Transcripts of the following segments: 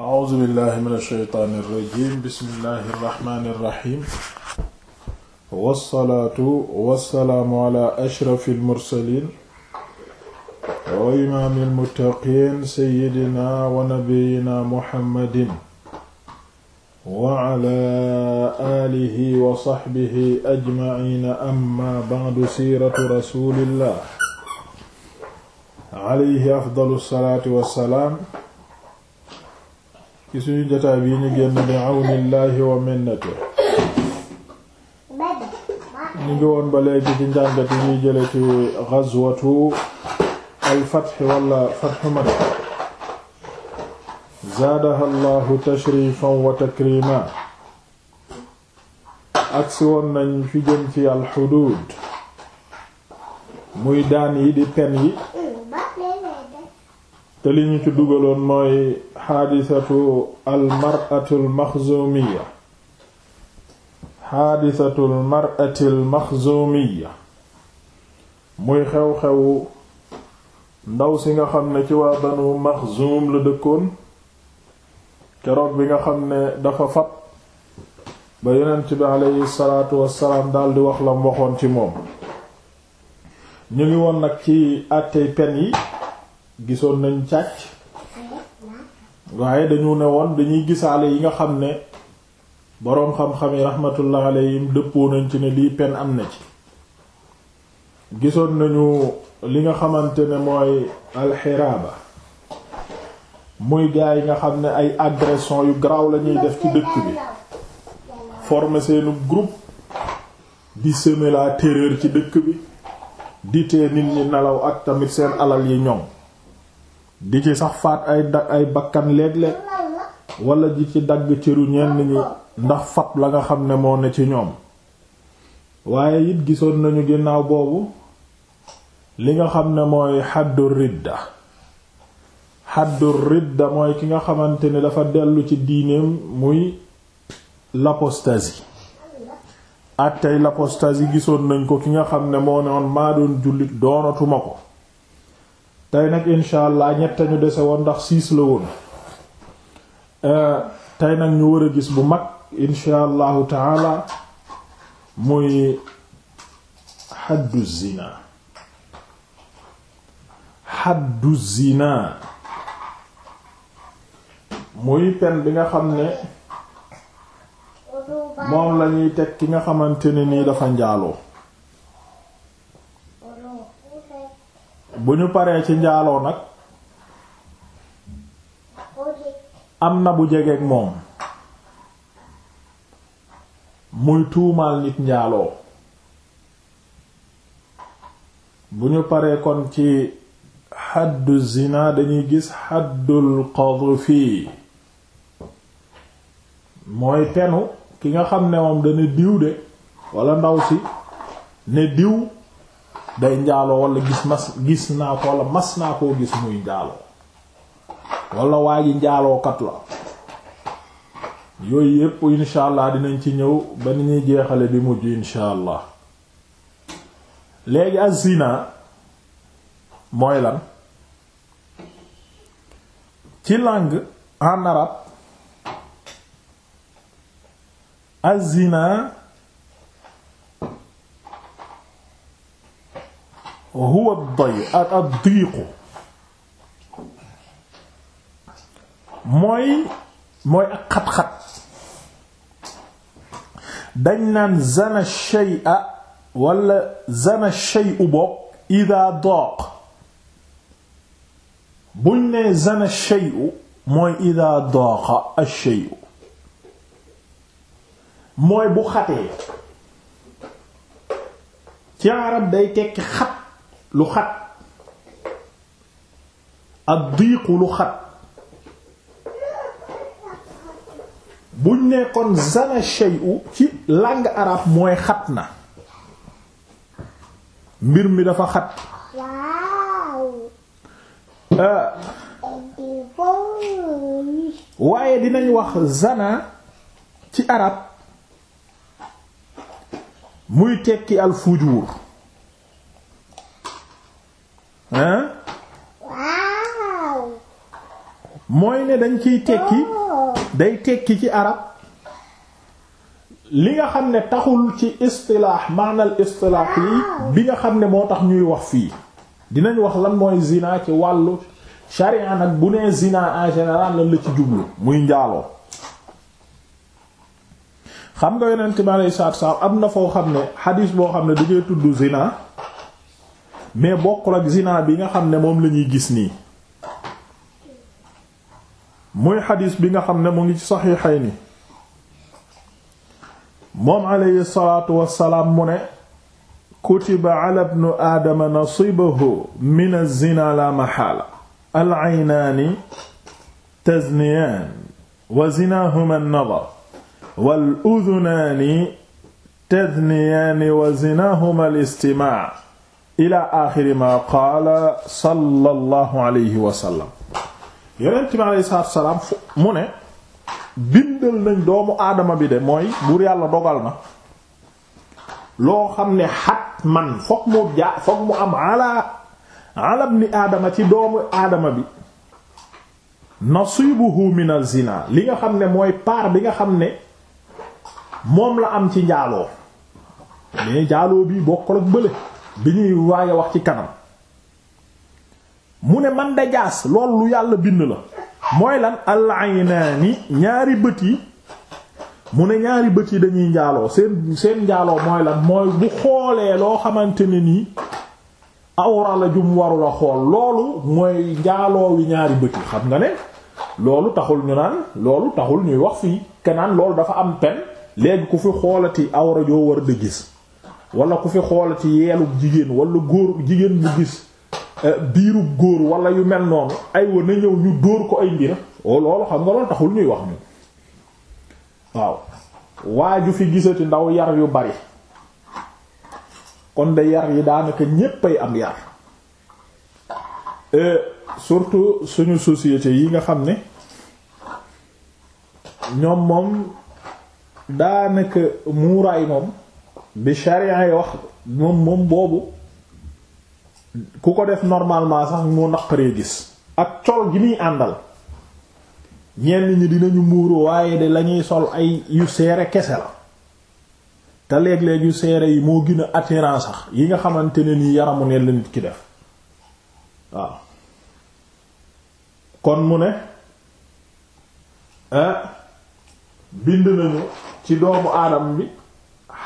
a'uuzu billahi min ash-shaytaani irrajim bismillahi irrahmani irrahim wassalaatu wassalaamu ala ashrafi almursalin wa imaami almuttaqiin sayyidina wa nabiyina muhammadin wa ala aalihi wa saxbihi ajmaciina amma ba'du siiratu rasuulillah alayhi afdalu salaatu wassalaam ci suñu jotaay bi ñu génn bi àwnillaahi wa minnati ñu ngi woon ba léegi ci njàngat yi ñuy jële ci ghazwatu al fath wala fathu Makka zaadaha allahu tashrifan wa takrima agsi woon nañ fi jëm ci al xuduud muy daan yi di pen yi te li ñu ci dugaloon mooy xaadisatu almaratu almaxzumiya xaadisatu almarati almaxzumiya muy xew-xewu ndaw si nga xam ne ci waa banu maxzum la dëkkoon keroog bi nga xam ne dafa fab ba yonent bi aleyhi salaatu wassalaam di wax lam waxoon ci moom ñu ngi woon nag ci àttey pen yi gisoon nañ càcc waaye dañu ne woon dañuy gisaale yi nga xam ne boroom xam-xam yi rahmatullah dëppoo nañ ci ne lii pen am na ci gisoon nañu li nga xamante ne mooy alxiraaba muy gaa yi nga xam ne ay agression yu garaaw lañuy def ci dëkk bi former seenu groupe di semer la terreur ci dëkk bi ditee nit ñi nelaw ak tamit seen alal yi ñoom di ci sax faat ay da ay bakkan léeg-léeg walla ji ci dagg cëru ñenn ñi ndax fab la nga xam ne moo ne ci ñoom waaye it gisoon nañu ginnaaw boobu li nga xam ne mooy xaddu ridda xaddu ridda mooy ki nga xamante ne dafa dellu ci diineem muy l'apostasie ak tey l'apostasie gisoon nañ ko ki nga xam ne moo ne woon maa doon jullit doonatuma ko tey nag incha allah ñett ñu dese woon ndax siis la woon euh, tey nag ñu war a gis bu mag incha allahu taala muy xaddu zina xaddu zina muy pen bi nga xam ne moom lañuy teg ki nga xamante ne nii dafa njaaloo bu ñu paree ci njaaloo nag am na bu jegeeg moom muy tuumaal nit njaaloo bu ñu paree kon ci xaddu zina dañuy gis xaddul fii mooy penu ki nga xam ne moom dana diw de wala ndaw si ne diw day njaaloo wala gis mas gis naa ko wala mas naa koo gis muy njaaloo wala waa ji njaalookat la yooyu yépp insha allah dinañ ci ñëw ba ni ñuy jeexale bi mujj insha allah léegi azina mooy lan ci langue en arabe azina huwa ad-day ad-diiqu mooy mooy ak xat-xat dañ naan zana shay'a wala zana shay'u bokk ida daaq buñ ne zana shay'u mooy ida daaqa ash-shay'u mooy bu xatee ci arab day tekki xat lu xat ak diiqu lu xat buñ nekkoon kon zana shay'u ci langue arabe mooy xat na mbir mi dafa xat euh. waaye dinañ wax zana ci arab muy tekki al fujuur mooy ne dañ ciy tekki oh. day tekki ci arab li nga xam ne taxul ci istilaax maanal istilaax yi bi nga xam ne moo tax ñuy wax fii dinañ wax lan mooy zina ci wàllu sharia nag bu nee zina en général lan la ci jublu muy njaaloo xam nga yonent bi alayhi salaatu wa am na foo xam ne xadiis boo xam ne da ngay tudd zina mais bokkul ak zina bi nga xam ne moom la gis nii muy xadiis bi nga xam ne mu ngi ci saxiixayni moom alayhi salaatu wassalaam mu ne kutiba ala ibnu aadama nasibahu min az-zina la maxaala al-aynaani tazniyaan wa zinaahuma an-nadar wal-udunaani tazniyaani wa zinaahuma al-istimaac ila axiri ma qaala sallallahu alayhi wa sallam yonent bi alayhi salaatu mu ne bindal nañ doomu aadama bi de mooy buur yàlla dogal na loo xam ne xat man fokk mu am ala ala aadama ci doomu aadama bi nasibuhu min az-zina li nga xam ne mooy part bi nga xam ne moom la am ci njaaloo mais njaaloo bi bokkul ak bële bi ñuy waaye wax ci kanam mu ne man dajaas lool lu yàlla bind la mooy lan ne ni ñaari bët yi mu ne ñaari bët yi dañuy njaaloo seen seen njaaloo mooy lan mooy bu xoolee loo xamante ne nii awra la jum warul a xool loolu mooy njaaloo wi ñaari bët yi xam nga ne loolu taxul ñu naan loolu taxul ñuy wax fi kenaan loolu dafa am pen léegi ku fi xoolati awra joo war a gis wala ku fi xool ci yeelub jigéen wala góor jigéen bu gis eh, biiru góor wala yu mel noonu ay wa na ñëw ñu dóor ko ay mbir oh, loolu xam nga loolu taxul ñuy wax moom waaw waa ju fi gisati ndaw yar yu bari kon de yar yi daanaka ñéppay am yar eh, surtout suñu société yi nga xam ni ñoom moom daanaka muuraay moom bi sharia yi wax moom moom boobu ku ko def normalement sax moo naqaree gis ak col gi muy àndal ñenn ñi dinañu muuru waaye de lañuy sol ay yu seere kese la te léeg-léeg yu seere yi moo gën a attirant sax yi nga xamante ne nii yaramu ne la nit ki def waaw kon mu ne ah, bind nañu ci doomu aadam bi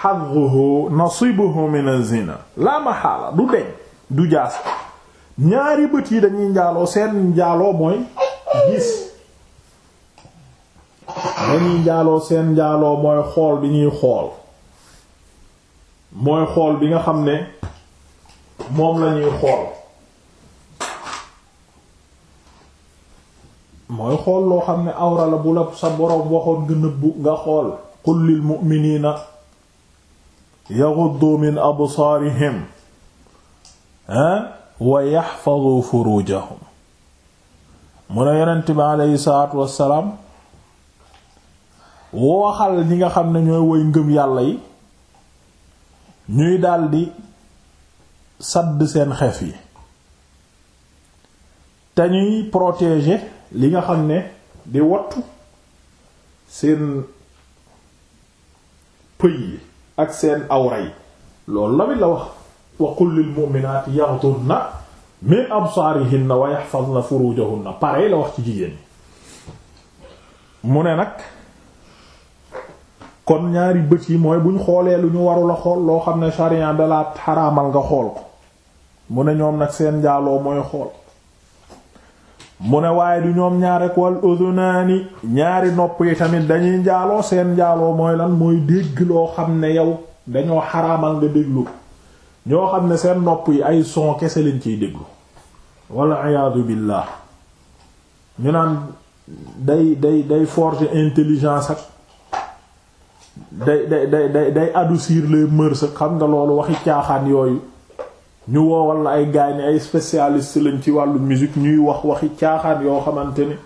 xaduhu nasibuhu min az-zina la mahala du deñ du jaas ñaari bët yi dañuy njaaloo seen njaaloo mooy gis dañuy njaaloo seen njaaloo mooy xool bi ñuy xool mooy xool bi nga xam ne moom lañuy xool mooy xool loo xam ne awra la bu la sa boroom waxoon nga nëbbu nga xool qul lil yaghuddu min absaarihim wa yaxfadu furujahum mu ne yonent bi aleyhi salaatu wassalaam waxal ñi nga xam ne ñooy woy ngëm yàlla yi ñuy daldi sàdd seen xef yi te ñuy protéger li nga xam ne di wattu seen pëy yi ak seen awra yi loolu la mi la wax wa qul lil mu'minati yaghdudna min absaarihinna wa yahfazna na pare la wax ci jigéen ñi mu ne nag kon ñaari bët yi mooy buñ xoolee lu ñu warula xool loo xam ne sharia da la xaraamal nga xool ko mu ne ñoom nag seen njaaloo mooy xool mu ne waaye du ñoom ñaar rek wal udunaani ñaari nopp yi tamit dañuy njaaloo seen njaaloo mooy lan mooy dégg loo xam ne yow dañoo xaraamal nga déglu ñoo xam ne seen nopp yi ay son kese lañ ciy déglu walla iyaadu billaah ñu naan day day day forger intelligence ak day day day day adoucir les mœurs xam nga loolu waxi caaxaan yooyu ñu woowal la ay gaañ ni ay spécialiste lañ ci wàllu musique ñuy wax waxi caaxaan yoo xamante ni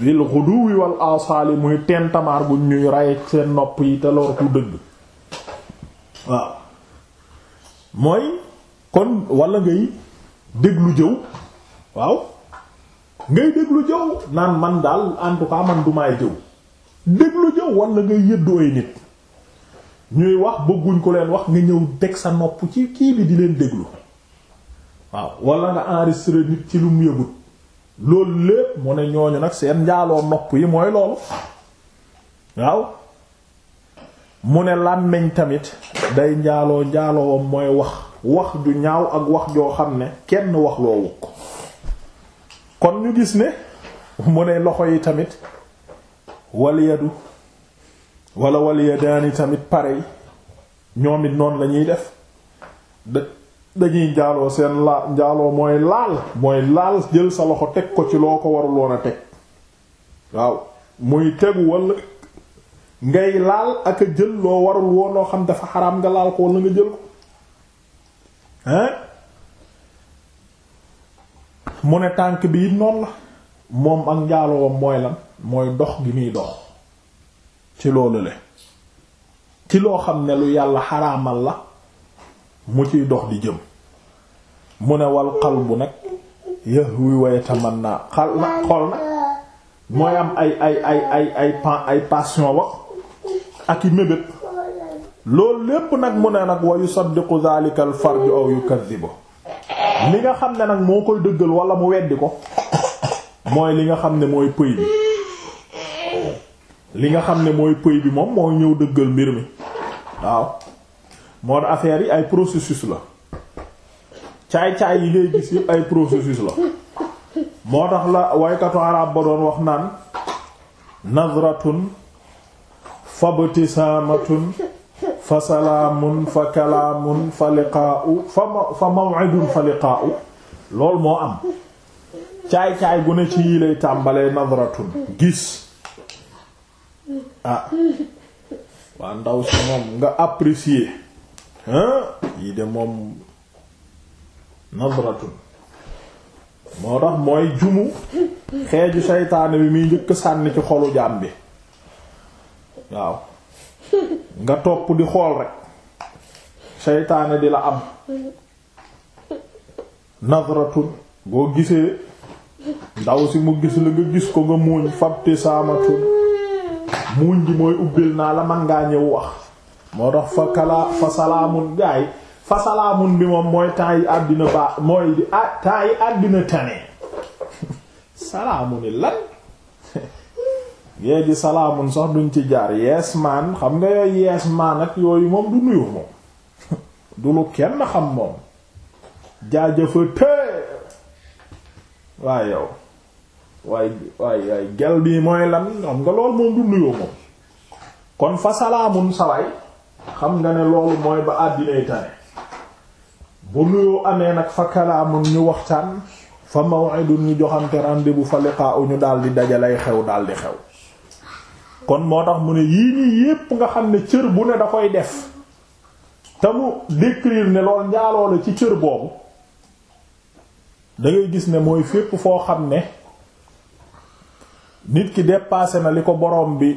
bil ghuduwi wal asaali muy tentamaar gu ñuy ray seen nopp yi te lor ku dëgg waaw mooy kon walla ngay déglu jëw waaw ngay déglu jëw naan man daal en tout cas man du jëw déglu jëw wala ngay yëddu ay nit ñuy wax bëgguñ ko leen wax nga ñëw teg sa nopp ci kii bi di leen déglu waaw walla nga enregistré nit ci lu mu yëgut loolu lépp mu ne ñooñu nag seen njaaloo nopp yi mooy loolu waaw mu ne làmmiñ tamit day njaaloo njaaloowam mooy wax wax ju ñaaw ak wax joo xam ne kenn wax loo wukk kon ñu gis ne mu ne loxo yi tamit wal yadu wala wal yadaani tamit parey ñoom it noonu la ñuy def da dañuy njaaloo seen laal njaaloo mooy laal mooy laal jël sa loxo teg ko ci loo ko warul woon a teg waaw muy tegu wala ngay laal ak a jël loo warul woon xam dafa xaram nga laal ko wala nga jël ko hein mu ne tànk bi it noonu la moom ak njaaloo mooy lan mooy dox gi muy dox ci loolu le ci loo xam ne lu yàlla xaraamal la mu ciy dox di jëm mu ne wal qalbu nag yahwi wa yatamanna xal na xol nag mooy am ay ay ay ay ay pan ay passion ak i mébét loolu lépp nag mu ne nag wa yusaddiqu zalika al farj aw yukadhibu li nga xam ne nag moo koy dëggal wala mu weddi ko mooy li nga xam ne mooy pëy bi li nga xam ne mooy pëy bi moom moo ñëw dëggal mbir mi waaw moo tax affaire yi ay processus la caay-caay yi ngay gis yëpp ay processus la moo tax la waykatu arab ba doon wax naan nadratun fabtisaamatun fa salaamun fa kalaamun fa liqaa'u fa fa maw'idun fa liqaa'u loolu moo am caay-caay gu ne ci yii lay tàmbalee nadratun gis ah waa ndaw si moom nga apprécier yi de moom nadratun moo tax mooy jumu xeeju seytaane bi muy njëkk sànni ci xolu jaam bi waaw nga topp di xool rek seytaane di la am nadratun boo gisee ndaw si mu gis la nga gis ko nga muuñ fabti saamatun muuñ gi mooy ubbil naa la man ngaa ñëw wax moo tax fa kala fa salaamun gaay fa salaamun bi moom mooy temps yi àddina baax mooy di ah, àddina tane salaamun lan yee di salaamun sax duñ ci jaar yees maan xam nga yooyu yees maan ak yooyu moom du nuyu moom du lu kenn xam moom jaajëfa te waaye yow waaye waaye waaye gel bii mooy lan xam nga lool moom du nuyoo moom kon fa salaamun sawaay xam nga ne loolu mooy ba àddinay tane bu nuyoo amee nag fa kalaamun ñu waxtaan fa maw'idun ñu joxante rendez-vous fa liqaa'u ñu daldi dajalay xew di xew kon moo tax mu ne yii nii yépp nga xam ne cër bu ne da koy def te mu décrire ne lool njaaloo ci cër boobu da gis ne mooy fépp foo xam ne nit ki dépassé na li ko boroom bi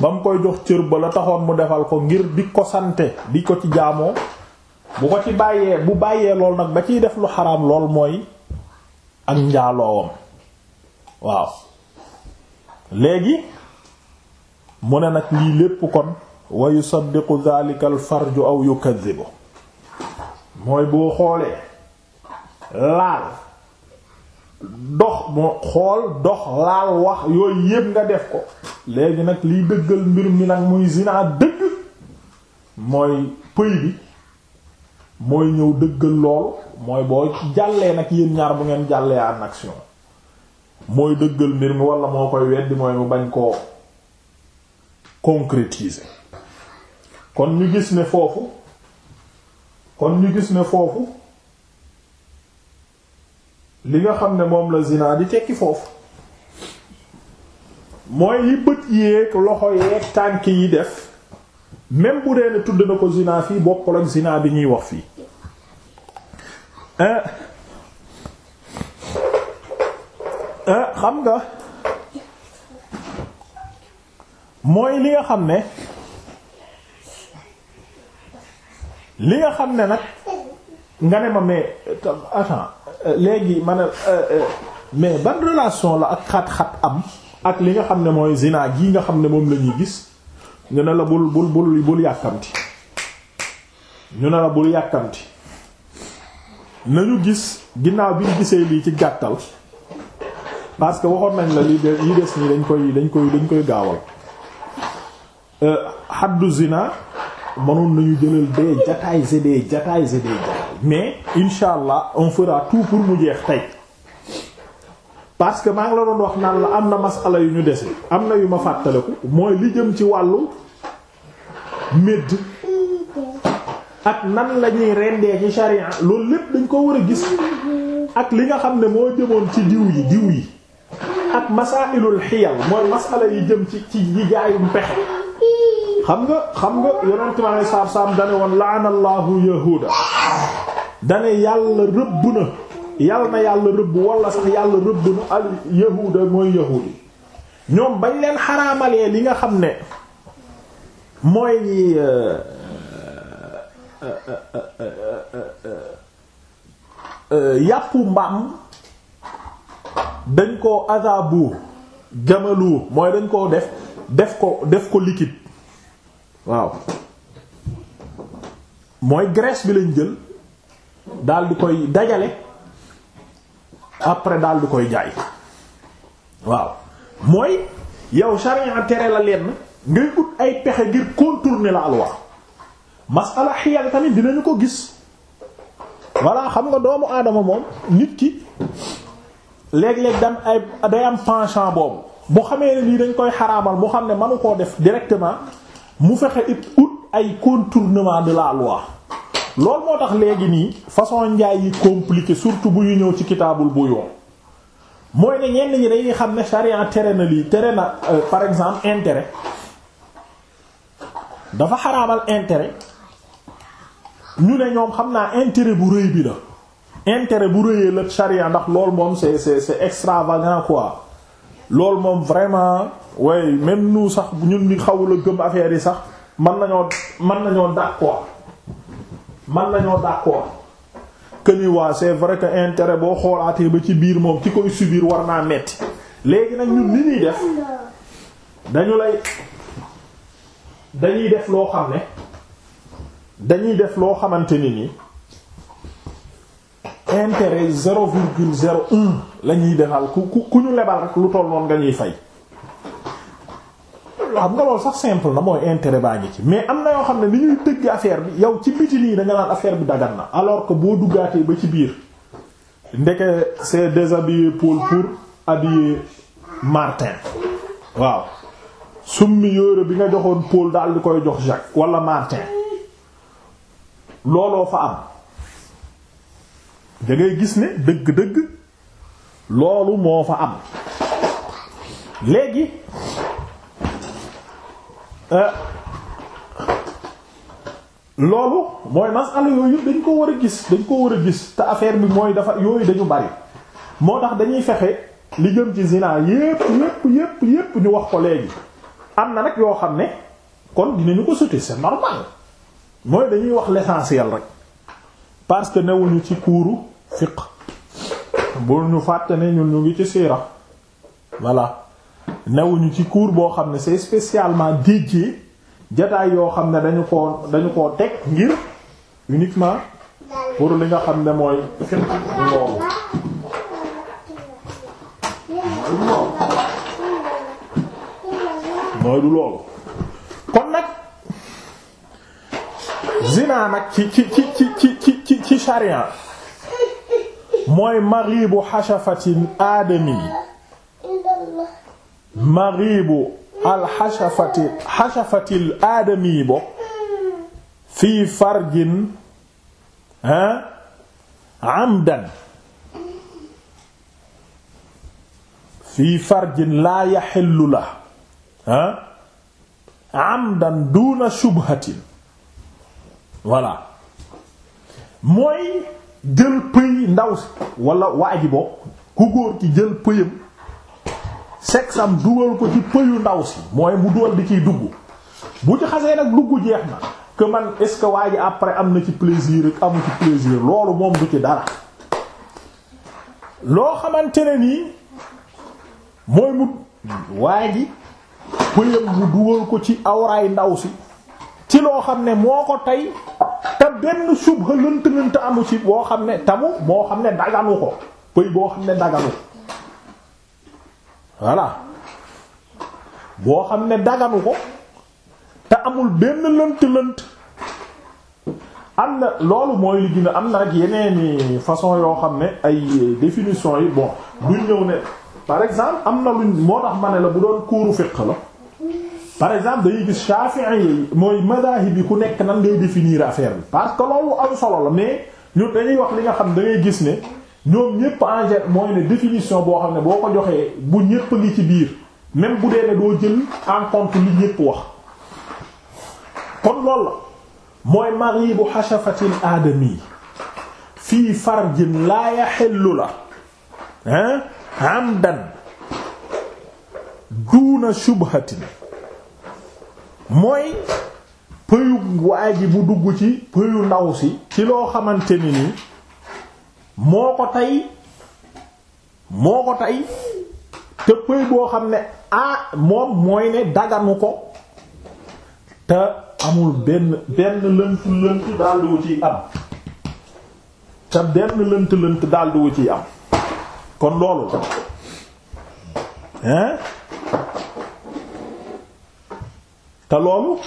ba mu koy jox cër ba la taxoon mu defal ko ngir di ko sante di ko ci jaamoo bu ko ci bàyyee bu bàyyee lool nag ba ciy def lu xaram lool mooy ak njaaloowam waaw léegi mu ne nag lii lépp kon wa yusaddiqu dhalika al ju aw yukadhibu mooy boo xoolee laal dox moo xool dox laal wax yooyu yépp nga def ko léegi nag liy dëggal mbir mi nag muy zinaa dëgg mooy pëy bi mooy ñëw dëggal lool mooy boo jàllee nag yéen ñaar bu ngeen jàllee en action mooy dëggal mbir mi wala moo koy weddi mooy mu bañ koo concrétiser kon ñu gis ne foofu kon ñu gis ne foofu li nga xam ne moom la zina di tekki foofu mooy yi bët yéeg loxo yeeg tànk yi def même bu dee ne tudd na ko zina fii bokkul ak zina bi ñuy wax fii eh, eh, xam nga mooy li nga xam ne li nga xam ne nag nga ne ma mais attends léegi ma ne euh, euh, mais ban relation la ak xat-xat am ak li nga xam ne mooy zina gii nga xam ne moom lañuy gis ñu ne la bul bul bul bul yàkkamti ñu ne la bul yàkkamti nañu gis ginnaaw bi gisee lii ci gàttal parce que waxoon nañ la li de yi des nii dañ koy dañ koy dañ koy gaawal xaddu euh, zina mënoon nañu jëlal des jataay des jataay des jataay mais incha allah on fera tout pour mu jeex tey parce que maa ngi la doon wax naan la am na masala yu ñu dese am na yu ma fàttaliku mooy li jëm ci wàllu médd ak nan la ñuy rendee ci charia loolu lépp dañ ko war a gis ak li nga xam ne moo jëmoon ci diw yi diw yi ak masailul xiyal mooy masala yi jëm ci ci yi pexe xam nga xam nga yonent mi alei saatu salaam dane woon laanallahu yahuda dane yàlla rëbb na yàlla na yàlla rëbb wala sax yàlla rëbb na al yahuuda mooy yahuud yi ñoom bañ leen xaraamalee li nga xam ne mooy euh, euh, euh, yàppu mbaam dañ ko azabu jamalu mooy dañ koo def def ko def ko liquide waaw mooy graisse bi lañ jël daal di koy dajale après daal di koy jaay waaw mooy yow sharia tere la lenn ngay ut ay pexe ngir contourner la alwa masala xiyal tamit dinañu ko gis voilà xam nga doomu aadama moom nit ki léeg-léeg dam ay day am penchant boobu bu xamee ne lii dañ koy xaraamal mu xam ne manu koo def directement mu fexe it ut ay contournement de la loi loolu moo tax léegi nii façon njaay yi compliqué surtout bu ñu ñëw ci kitaabul bu yoon mooy ne ñenn ñi dañuy xam ne charia tere na lii tere na euh, par exemple intérêt dafa xaraamal intérêt ñu ne ñoom xam naa intéret bu rëy bi la intérêt bu rëyee la charia ndax loolu moom c'est c'est c'est extravagant quoi loolu moom vraiment way même nous sax ñun ñi xawul a gëm affaire yi sax mën nañoo mën nañoo d'accord man nañoo d'accord que ni waa c'est que intérêt boo xoolaatee ba ci biir moom ci koy subir war naa metti léegi nag ñun li ñuy def dañu lay dañuy def loo xam ne dañuy def loo xamante ni nii intérêt zéro virgule zéro un la ñuy defal ku ku ñu lebal rek lu toll noonu nga ñuy fay xam nga loolu sax simple na mooy intérêt baa ngi ci mais am na yoo xam ne li ñuy dëgg affaire bi yow ci biti nii da nga naan bi dagan na alors que boo duggaatee ba ci biir ndeke c'est déshabiller Paul pour habiller Martin waaw summi yóore bi nga joxoon Paul daal di koy jox Jacques walla Martin looloo fa am da gis ne dëgg-dëgg loolu moo fa am léegi Euh, loolu mooy masala yooyu dañ ko war a gis dañ ko war a gis te affaire bi mooy dafa yooyu dañu bari moo tax dañuy fexe li jëm ci zina yépp yépp yépp ñu wax ko léegi am na nag yoo xam ne kon dinañu ko sauter c'est normal mooy dañuy wax l'essentiel rek parce que newuñu ci kuuru fiqh bu ñu fàtte ne ñun ñu ngi ci siira voilà newuñu ci kuur boo xam ne c'est spécialement dédié jataay yoo xam ne dañu ko dañu ko teg ngir uniquement pour li nga xam ne mooy fiq du loolu kon nag zina nag ci ci ci ci ci ci ci sharia mooy maribu xasafatin aadami maghibu alxashafati xashafatil aadami bo fi farjin ah amdan fii farjin laa yaxillu la ah amdan shubhatin voilà mooy jël pëy ndaw si wala bo ku góor ki jël pëyam sexam dugal ko ci pëyu ndaw si mooy mu dool bi ciy dugg bu ci xasee nag dugg jeex na que man est-ce que waa ji après am na ci plaisir ak amu ci plaisir loolu moom du ci dara loo xamante ne nii mooy mu waa ji pëyam mu dugal ko ci awraay ndaw si ci loo xam ne moo ko tey te benn subha lënt-lënt amu ci boo xam ne tamu moo xam ne daganu ko pëy boo xam ne daganu voilà boo xam ne daganu ko te amul benn lënt-lënt am na loolu mooy li gën am na rek yeneeni façon yoo xam ne ay définition yi bon duñ ñëw ne par exemple am na luñ moo tax ma ne la bu doon kuuru fiq la par exemple dañuy gis Shafi'i yi mooy madahib yi ku nekk nan ngay définir affaire bi parce que loolu am solo la mais ñun dañuy wax li nga xam da ngay gis ne ñoom ñépp en mooy ne définition boo xam ne boo ko joxee bu ñépp ngi ci biir même bu dee ne doo jël en compte li ñépp wax kon loolu la mooy maribu xachafatil aadami fii far farjin laa yaxellu la hein amdan duuna shubhatin mooy pëyu waa bu dugg ci pëyu ndaw si ci loo xamante ni nii moo ko tey moo ko tey te pëy boo xam ne ah moom mooy ne daganu ko te amul benn benn lënt lënt daldi wu am te benn lënt lënt daldi wu am kon loolu la hein te loolu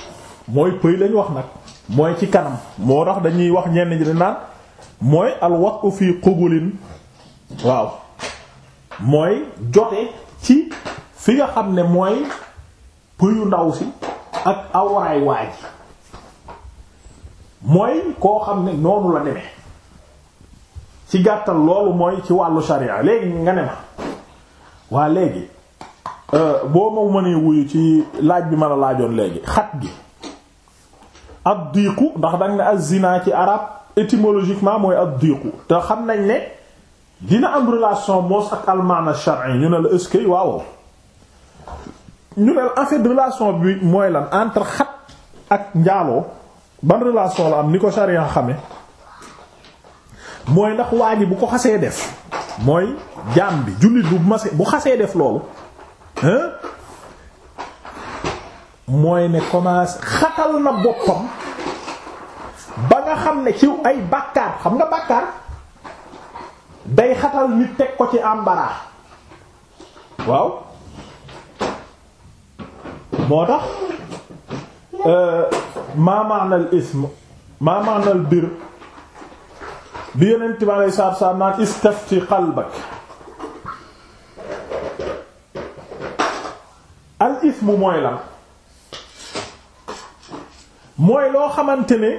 mooy pëy lañ wax nag mooy ci kanam moo tax dañuy wax ñenn ñi naan mooy al waqfu fii qubulin waaw mooy jote ci fi nga xam ne mooy pëyu ndaw si ak awraay waaj mooy koo xam ne noonu la demee ci gàttal loolu mooy ci wàllu sharia léegi nga ne ma waa léegi euh, boo ma mënee wuyu ci laaj bi mën a laajoon léegi xat gi ab diiqu ndax danga ne az ci arab étymologiquement mooy ab diiqu te xam nañ ne dina am relation moos ak almaana shar'i ñu ne la ëskay waaw ñu ne en bi mooy lan entre xat ak njaaloo ban relation la am ni ko sharia xame mooy ndax waa ji bu ko xasee def mooy jaam bi jullit bu mase bu xasee def loolu hein mooy ne commencé xatal na boppam ba nga xam ne ci ay bàkkaar xam nga bàkkaar day xatal nit teg ko ci embarras waaw moo tax euh, ma ma'na al ism ma ma'na al bir bi yeneen time alay saab saab naan istafti qalbak al ism mooy lan mooy loo xamante ne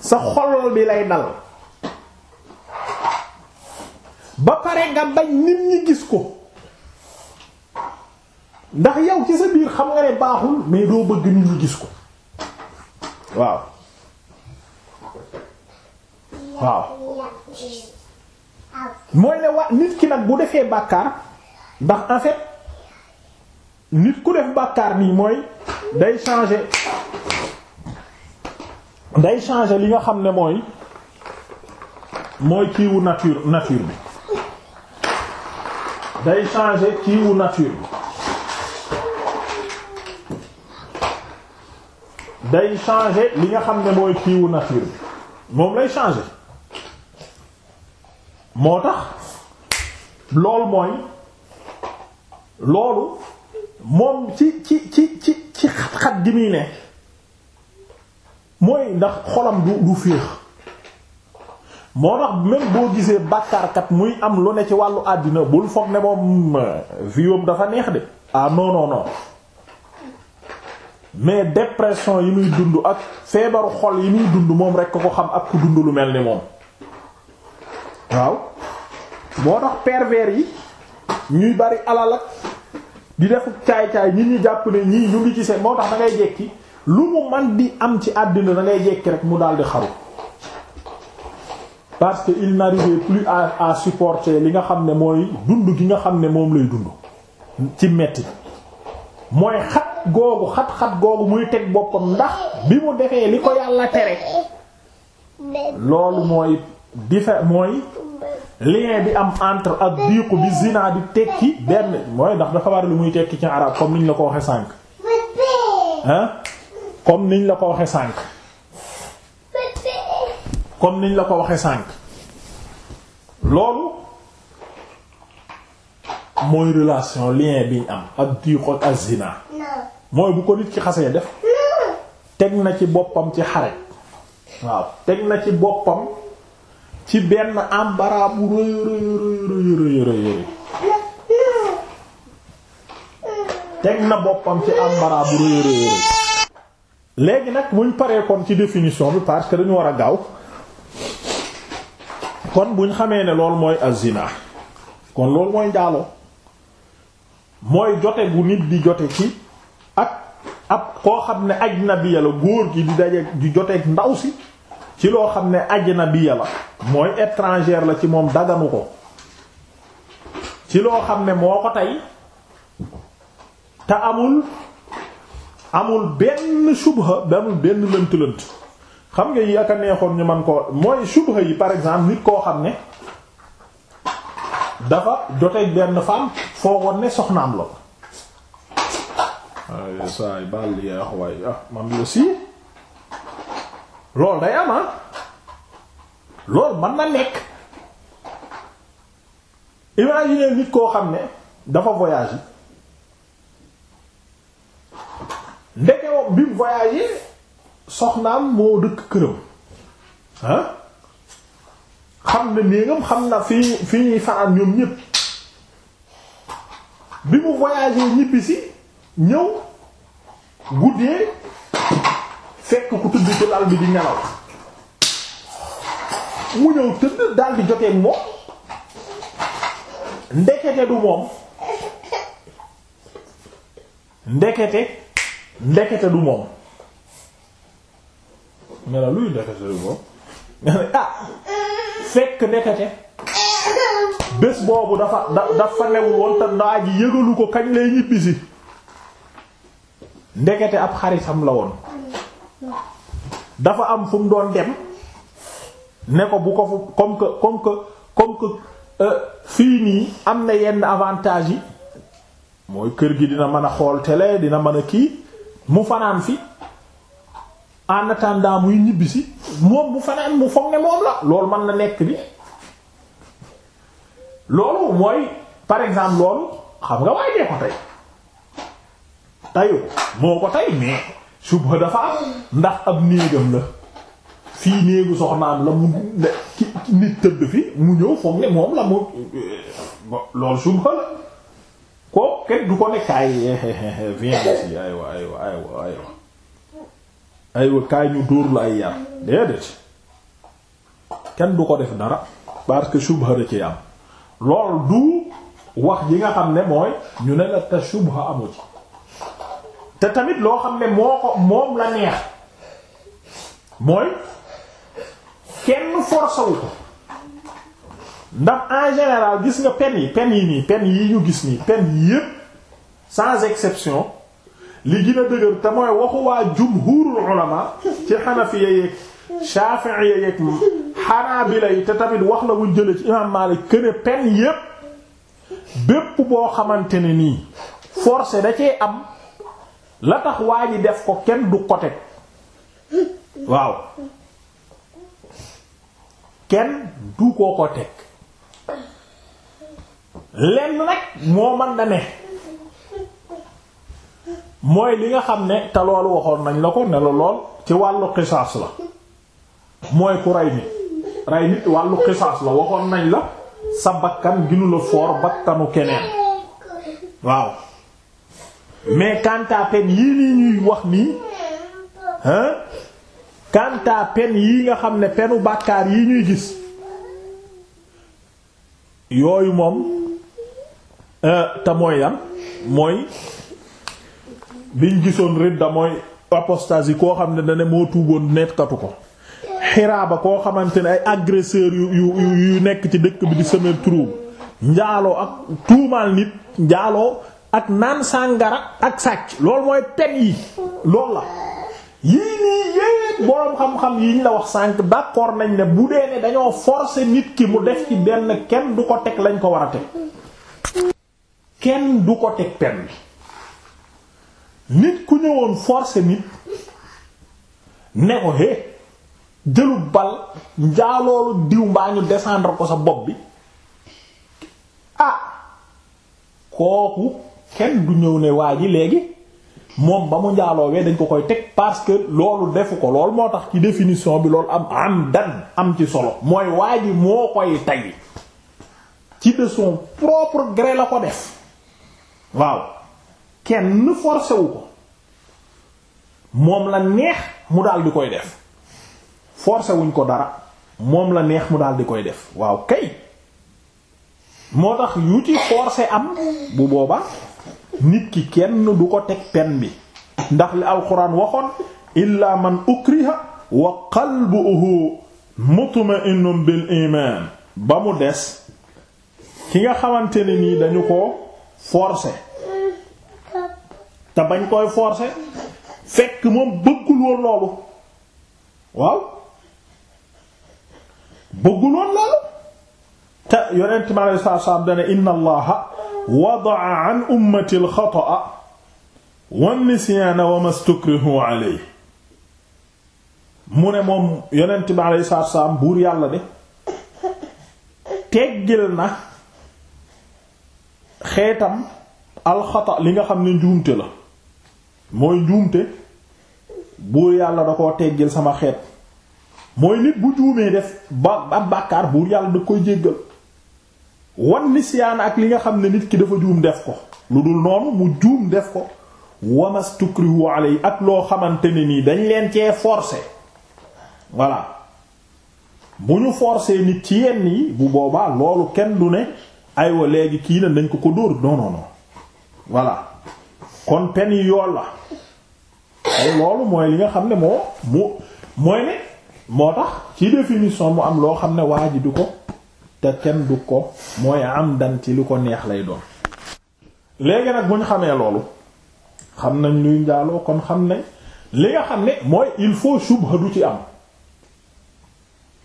sa xol bi lay dal ba pare nga bañ nit ñi gis ko ndax yow ci sa biir xam nga ne baaxul mais doo bëgg nit ñi gis ko waaw waaw mooy ne wa nit ki nag bu defee bàkkaar ndax en fait nit ku def bàkkaar nii mooy day changer day changer li nga xam ne mooy mooy kiiwu nature nature bi day changer kiiwu nature bi day changer li nga xam ne mooy kiiwu nature bi moom lay changer moo tax loolu mooy loolu moom ci ci ci ci ci xat-xat gi muy ne mooy ndax xolam du du féex moo tax même boo gisee bàkkaarkat muy am lu ne ci wàllu àddina bul foog ne moom euh, viom dafa neex de ah non mais depression yi muy dund ak feebaru xol yi muy dund moom rekk ko xam ak dund lu mel ni moom waaw moo tax pervers yi ñuy bari alal ak di def caay-caay nit ñu jàpp ne ñii ñu ngi ci seen moo tax da ngay jekki lu mu man di am ci àddina da ngay jekki rek mu daal di xaru parce que il n'arrivait plus à supporter li nga xam ne mooy dund gi nga xam ne moom lay dund ci metti mooy xat googu xat-xat googu muy teg boppam ndax bi mu defee li ko yàlla tere loolu mooy diffé mooy lien bi am entre ak diiqu bi zina bi tekki benn mooy ndax dafa war lu muy tekki ci arab comme niñ la ko waxee sànq ah comme niñ la ko waxe sànq comme niñ la ko waxe sànq loolu mooy relation lien biñ am ak diix ak azina mooy bu ko nit ki xasee def teg na ci boppam ci xare waaw teg na ci boppam ci benn embarras bu teg na boppam ci embarras léegi nag buñ paree kon ci définition bi parce que dañu war a gaaw kon buñ xamee ne loolu mooy asina kon loolu mooy njaaloo mooy jote gu nit di jote ci ak ab koo xam ne ajnabiya la góor gi di daje di joteeg ndaw si ci loo xam ne ajnabiya la mooy étrangère la ci moom daganu ko ci loo xam ne moo ko tey te amul amul benn subha amul benn lënt-lënt xam nga yi ak a neexoon ñu man koo mooy subha yi par exemple nit koo xam ne dafa joteeg benn femme foogoon ne soxnaam la ko ah, loolu day am ah loolu mën na nekk imagine nit koo xam ne dafa voyage ndeke moom bi mu voyagé soxnaam moo dëkk këram ah xam na néegam xam na fi fi ñuy fanaan ñoom ñépp bi mu voyagé ñibbisi ñëw guddee fekk ku tudd ci lal bi di nelaw mu ñëw tëdd dal di moom ndekete du moom ndekete ndekete du moom nga ne luy ndekete du moom nga ne ah fekk ndekete bés boobu dafa dafa newul woon te ndaa ji yëgalu ko kañ lay ñibbisi ndekete ab xaritam la woon dafa am fu mu doon dem ne ko bu ko fu comme que comme que comme que euh, fii nii am na yenn avantage yi mooy kër gi dina mën a xool télé dina mën a kii mu fanaan fi en attendant muy ñibbisi moom bu fanaan mu foog ne moom la loolu mën na nekk bi loolu mooy par exemple loolu xam nga waaye dee ko tey tayu moo ko tey mais suba dafa am ndax ab néegam la fii néegu soxnaam la mu nit tëdd fi mu ñëw foog ne moom la mu eh, loolu suba la kooku kenn du ko nekk ay viens ici aywa aywa aywa aywa aywa kaay ñu dóor la ay yar déedéet kenn du ko def dara parce que subha da ci am loolu du wax ji nga xam ne mooy ñu ne la te subha amu ci te tamit loo xam ne moo ko moom la neex mooy kenn forcé ko ndax en général gis nga pen yi pen yi nii pen yi ñu gis nii pen yi yépp sans exception li gën a te mooy waxu waa jumhurul ulama ci xanafiya yeeg shafi'iyya yeeg xanaabila yi te tamit wax la mu jële ci imam Maalik këne pen yépp bépp boo xamante ne nii forcé da cee am la tax waa ngi def ko kenn du ko teg waaw kenn du ko ko teg lenn nag moo man da ne mooy li nga xam ne te loolu waxoon nañ la ko ne la lool ci wàllu xisaas la mooy ku rey nit rey nit wàllu xisaas la waxoon nañ la sa bakkan ginu la foor bakkanu keneen waaw mais quant à peine wax nii hein quant nga xam ne penu bàkkaar yi ñuy gis yooyu moom Euh, te mooy yan mooy biñ gisoon ridda mooy apostasie koo xam ne dane moo tuuboon nekkatu ko xiraaba koo xamante ne ay agresseur yu yu yu nekk ci dëkk bi di semer trouble njaaloo ak tuumaal nit njaaloo ak naan sàngara ak sàcc loolu mooy pen yi loolu la yii nii yépp boroom xam-xam yiñ la wax sànq d'accord nañ ne bu dee ne dañoo forcer nit ki mu def ci benn kenn du ko teg lañ ko war a teg kenn du ko teg pen bi nit ku ñëwoon forcer nit ne ko hé jëlu bal njaaloolu diw mbaa ñu descendre ko sa bopp bi ah kooku kenn du ñëw ne waa yi léegi moom ba mu njaaloo we dañ ko koy teg parce que loolu defu ko loolu moo tax ci définition bi loolu am am dan am ci solo mooy waa ji moo koy tay ci de propre gré la ko def waaw kenn forcé wu ko moom la neex mu daal di koy def forcé wuñ ko dara moom la neex mu daal di koy def waaw kay moo tax yu ci forcé am bu booba nit ki kenn du ko teg pen bi ndax li alxuraan waxoon illa man ukriha wa qalbuhu mutma'innun bil iman ba mu des ki nga xamante ne nii dañu ko forcer te bañ koy forcer fekk moom bëggul woon loolu waaw bëggul woon loolu te yonent mi alayhi salaatu salaam dana inna allaha wada'a an ummati al-xata'a wan-nisyaana wa mu ne moom yonent mi alayhi salaatu salaam buur yàlla de teggil na xeetam alxata li nga xam ne njuumte la mooy njuumte buur yàlla da koo teggil sama xeet mooy nit bu juumee def ba ba bàkkaar buur yàlla da koy jéggal wan nisyaan ak li nga xam ne nit ki dafa juum def ko lu dul noonu mu juum def ko wamas tukrihu yi ak loo xamante ne nii dañ leen cee forcer voilà bu ñu forcer nit ci yenn yi bu boobaa loolu kenn du ne aywa léegi kii na nañ ko ko dóor non non non voilà kon pen yi yool la ay loolu mooy li nga xam ne moo moo mooy ne moo tax ci définition mu am loo xam ne waa ji du ko te kenn du ko mooy am dan ci lu ko neex lay doon léegi nag bu ñu xamee loolu xam nañ luy njaaloo kon xam ne li nga xam ne mooy il faut subha du ci am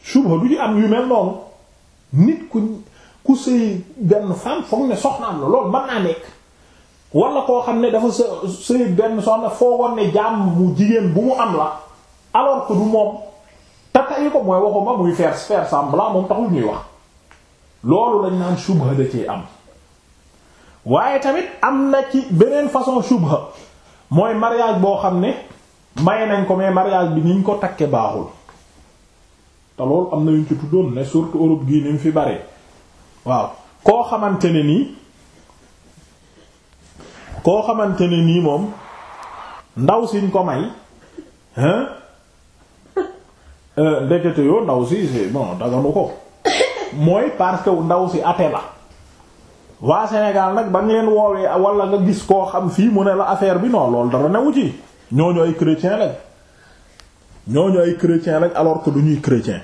subha du ci am yu mel noonu nit ku ku sëy benn femme foog ne soxnaam la loolu mën naa nekk wala koo xam ne dafa sëy benn soxna foogoon ne jaam mu jigéen bu mu am la alors que du moom tatayi ko mooy waxuma muy faire faire semblant moom taxul ñuy wax loolu lañ naan subha da ci am waaye tamit am na ci beneen façon subha mooy mariage boo xam ne maye nañ ko mais mariage bi niñ ko takkee baaxul te loolu am na yuñ ci tuddoon ne surtout Europe gii ni mu fi bare waaw koo xamante ne nii koo xamante ni nii moom ndaw siñ ko may hein euh, ndekete yoo ndaw si c'est bon daganu ko mooy parce que ndaw si ate la waa Sénégal nag ba nga leen woowee wala nga gis koo xam fii mu ne la affaire bi non loolu dara newu ci ñooñu ay chrétien ñoo ñooñu ay chrétien lañ alors que du ñuy chrétien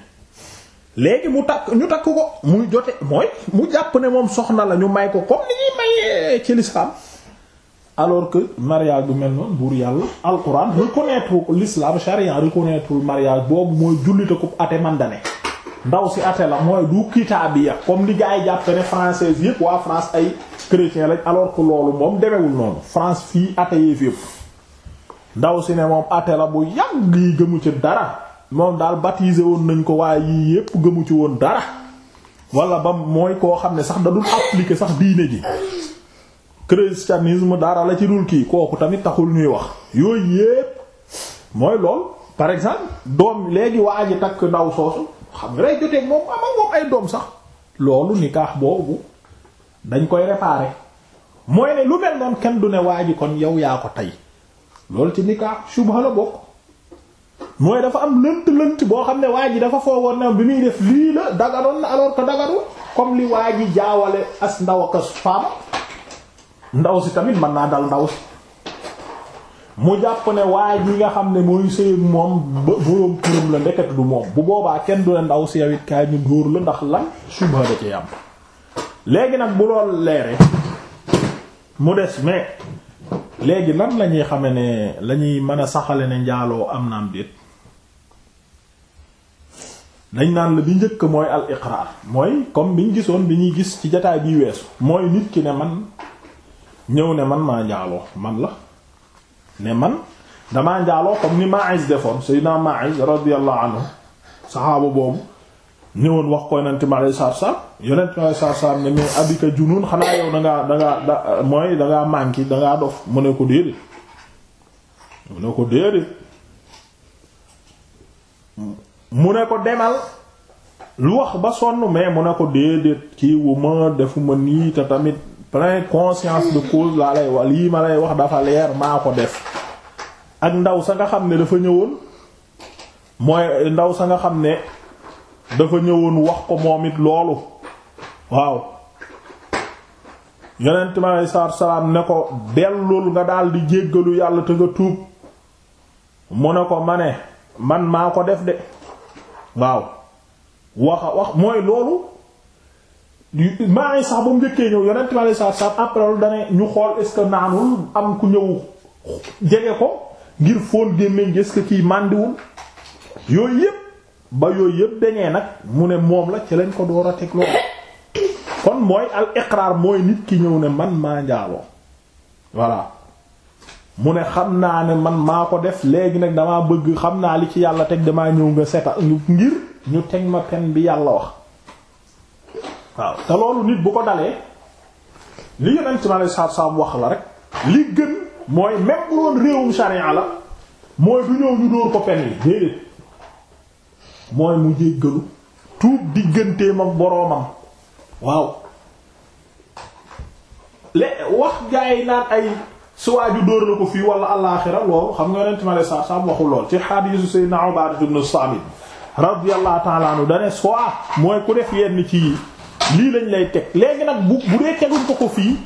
léegi mu takk ñu takk ko muy jote mooy mu jàpp ne moom soxna la ñu may ko comme ni ñuy mayee ci l'islam alors que mariage bu mel noonu buur yàlla alquran reconnaître ko l'islam charia reconnaître mariage boobu mooy jullite ko ate mandane ndaw si ate la mooy du kitaabiya comme li gars yi jàpp ne français yëpp waa France ay chrétien lañ alors que loolu moom demewul noonu France fii ate yëpp ndaw si ne moom ate la bu yàgg yi gëmu ci dara moom daal baptisé woon nañ ko waaye yii yépp gëmu ci woon dara walla ba mooy koo xam ne sax dadul dul appliquer sax diine ji christianisme dara la ci rul kii kooku tamit taxul ñuy wax yooyu yépp mooy lool par exemple doom léegi waa ji takk ndaw soosu xam nga day ay doom sax loolu nikaax boobu dañ koy réparer mooy ne lu mel noonu kenn du ne waa ji kon yow yaa ko tey loolu ci nikaax suba la bokk mooy dafa am lënt lënt boo xam ne waa ji dafa foogoon na bi muy def lii la daganoon na alors comme li waa ji jaawale as ndaw ak as faam ndaw si tamit mën naa dal ndaw si mu jàpp ne waa yi nga xam ne mooy sëy moom ba boroom këram la ndekete du moom bu boobaa kenn du ne ndaw si yawit kaay ñu dóor la ndax lan subha da ci yàmb léegi nag bu lool leere mu des mais léegi lan lañuy ñuy xame ne lañuy mën a saxale ne njaaloo am naam déet dañ naan la bi njëkk mooy al iqraar mooy comme biñ gisoon bi ñuy gis ci jataay bi weesu mooy nit ki ne man ñëw ne man maa njaaloo man la ne man damaa njaaloo comme ni Ma'iz defoon sayyidina Ma'iz radiyallahu anhu saxaaba boobu ñëwoon wax ko yonent mi alayhi salaatu salaam yonent mi alayhi salaatu ne mais abika junuun xanaa yow da ngaa da mooy da ngaa manqué dof mu ne ko déedéet mu ne ko déedéet mu ne ko demal lu wax ba sonn mais mu ne ko déedéet kii wu ma defuma nii te tamit pleine conscience de cause laa lay wax lii ma lay wax dafa leer maa ko def ak ndaw sa nga xam ne dafa ñëwoon mooy ndaw sa nga xam ne dafa ñëwoon wax ko moom it loolu waaw yonent ma aleyhi salaatu ne ko dellul nga daal di jéggalu yàlla te nga tuub mu ne ko ma ne man maa ko def de waaw wax wax mooy loolu maa ngi sax ba mu njëkkee ñëw yonent bi alayhi salaatu salaam après loolu dane ñu xool est-ce naanul am ku ñëw jege ko ngir fóon gémmiñ gi est-ce que kiy màndiwul yooyu yépp ba yooyu yépp dañee nag mu ne moom la ci lañ ko door a teg loolu kon mooy al iqraar mooy nit ki ñëw ne man maa njaaloo voilà mu ne xam naa ne man maa ko def léegi nag damaa bëgg xam naa li ci yàlla teg damaa ñëw nga seta ngir ñu teg ma pen bi yàlla wax waaw te loolu nit bu ko dalee li wax la rek li gën mooy même bu doon réewum sharia la mooy du ñëw ñu dóor ko pen yi déedéet mooy mu jéggalu tuub digganteem ak boroomam waaw le wax gaay naan ay su waaju dóor la ko fii wala alaaxira loolu xam nga yonent ma lay sax sax waxu lool ci hadiisu Sayyidina Ubaadatu ibn Saamit radiyallahu ta'ala anhu dane soit mooy ku def yenn ci yi lii lañ lay teg léegi nag bu bu dee teguñ ko ko fii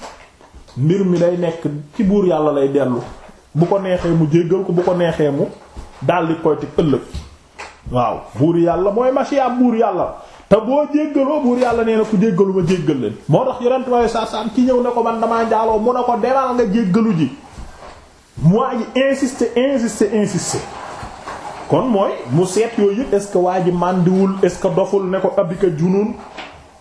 mbir mi day nekk ci buur yàlla lay dellu bu ko neexee mu jéggal ko bu ko neexee mu daldi koy teg ëllëg waaw buur yàlla mooy masiya buur yàlla te boo jéggaloo buur yàlla nee na fu jéggalu ma jéggal leen moo tax yonent waaye saa saa ci ñëw ne ko man damaa njaaloo mu a ko demal nga jéggalu ji waa ji insister insister insister kon mooy mu seet yooyu yëpp est-ce que waa ji màndiwul est-ce que doful ne ko abika junun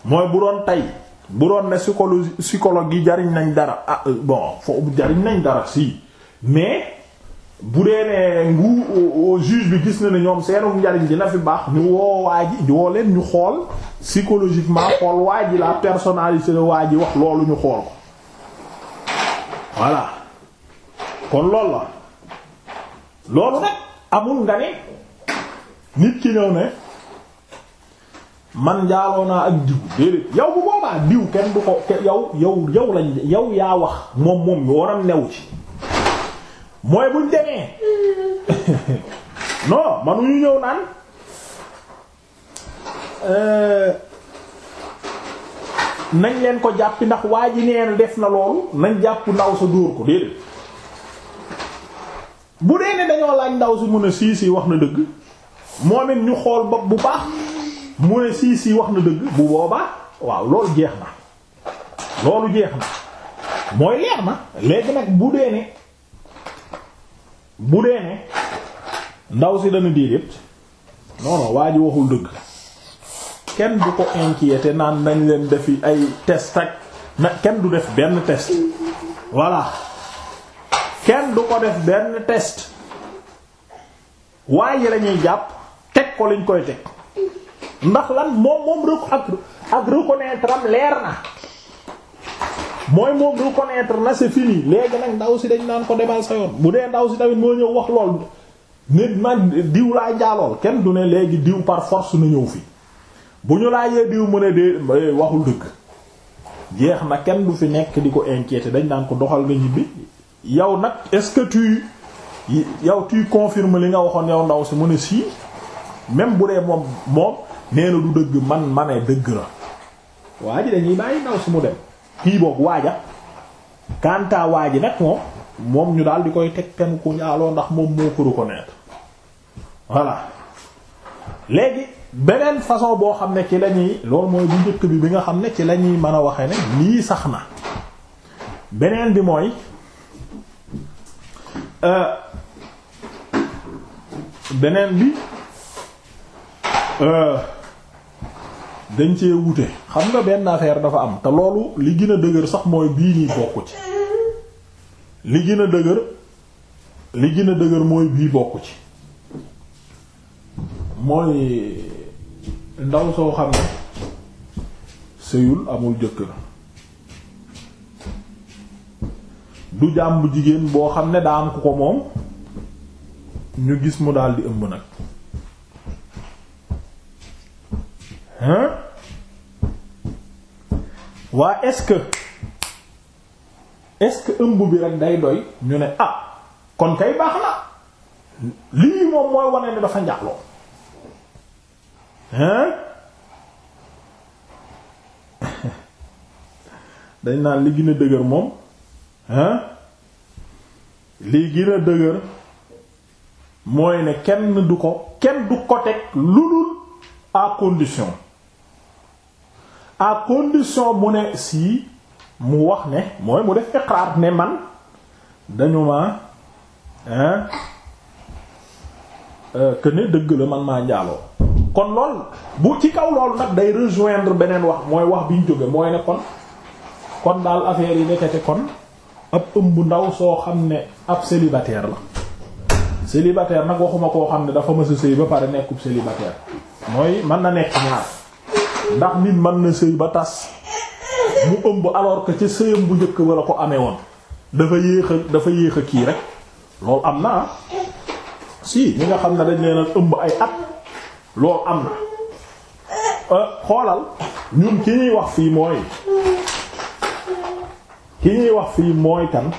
mooy bu doon tey bu doon ne psychologie psychologue yi jariñ nañ dara ah euh, bon foofu jariñ nañ dara si mais bu dee ne ngu juge bi gis na ne ñoom seenu njariñ dina fi baax ñu woo waa ji leen ñu xool psychologiquement xool waa ji la personnalité de waa ji wax loolu ñu xool ko voilà kon loolu la loolu nag amul nga ne nit ki ñëw ne man jaaloo ak diw yow bu boobaa diw kenn du ko yow yow yow lañ yow yaa wax moom moom yoonam new ci mooy buñ demee non manuñu ñëw naan euh, nañ leen ko jàppi ndax waa ji nee na def na loolu nañ jàpp ndaw sa dóor ko déedéet bu dee ne dañoo laaj ndaw su mu ne sii sii wax na dëgg moom ñu xool bopp bu baax mu ne sii wax na dëgg bu boobaa waaw loolu jeex na loolu jeex na mooy leer na léegi nag bu dee ne bu dee ne ndaw si dana déedéet non non waa ji waxul dëgg kenn du ko inquiété naan nañ leen defi ay test ak na kenn du def benn test voilà kenn du ko def benn test waaye la jàpp teg ko liñ koy teg ndax lan moom moom rek ak ak reconnaître am leer na. mooy moom reconnaître na c'est fini léegi nag ndaw si dañ naan ko demal sa yoon bu dee ndaw si tamit moo ñëw wax lool nit man diw laa jaalool kenn du ne léegi diw par force na ñëw fi bu ñu laajee diw mu ne de waxul dëgg jeex na kenn du fi nekk di ko inquiéter dañ daan ko doxal nga ñibbi yow nag est-ce que tu yow tu confirmes li nga waxoon yow ndaw si mu ne sii même bu dee moom moom nee na du dëgg man ma ne dëgg la waa ji dañuy bàyyi ndaw si mu dem. kii boobu waaja kantaa waaji nag moom moom ñu daal di koy teg pen ku njaaloo ndax moom moo ko reconnaître voilà léegi beneen façon boo xam ne ci la ñuy loolu mooy bu njëkk bi bi nga xam ne ci lañuy ñuy mën a waxee ne lii sax na beneen bi mooy euh, beneen bi euh, dañ cee wute xam nga benn affaire dafa am te loolu li gën a dëgër sax mooy bii nii bokk ci li gën a dëgër li gën a dëgër mooy bii bokk ci mooy ndaw soo xam ne sëyul amul jëkkër du jàmb jigéen boo xam ne daa am ku ko moom ñu gis mu daldi ëmb nag hein waa est-ce que est-ce que ëmb bi rek day doy ñu ne ah kon kay baax na lii moom mooy wane ne dafa njaaloo hein dañ naan li gën a dëgër moom hein li gën a dëgër mooy ne kenn du ko kenn du ko teg lu dul à condition à condition mu ne si mu wax ne mooy mu def iqraar ne man dañu ma hein euh, que ne dëgg la man maa njaaloo kon lool bu ci kaw loolu nag day rejoindre beneen wax mooy wax bi ñu jóge mooy ne kon kon daal affaire yi nekkete kon ab ëmb ndaw soo xam ne ab célibataire la célibataire nag waxuma koo xam ne dafa mësa sëy ba pare nekkub célibataire mooy mën na nekk ñaar ndax nit man na sëy ba tas mu ëmb alors que ca sëyam bu njëkk wala ko amee woon dafa yéex dafa yéex a kii rek loolu am na ah. si ñi nga xam ne dañ leen ëmb ay at loolu am na euh, xoolal ñun ki ñuy wax fii mooy ki ñuy wax fii mooy kan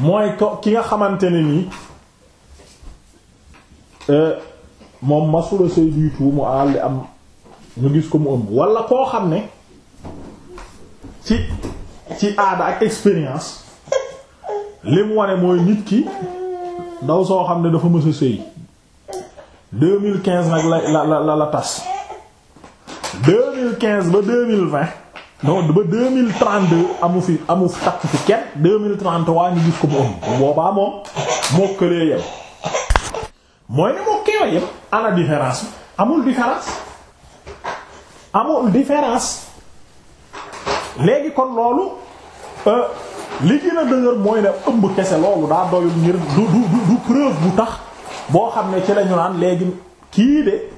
mooy ko ki nga xamante ne nii euh, moom masula sëy du tout mu àlli am ñu gis ko mu ëmb wala koo xam ne ci ci aada ak expérience li mu wane mooy nit ki ndaw soo xam ne dafa mës a sëy 2015 nag la la la la tas 2015 ba 2020 non ba 2032 amu fi amu fi takk fi kenn 2033 ñu gis ko mu ëmb boobaa moom mokkalee yem mooy ne ñoo yem ana amul différence amul différence léegi kon loolu euh, li gën dëgër mooy ne ëmb kese loolu daa doyul ngir du du du bu tax boo xam ne ci lañu naan léegi kii de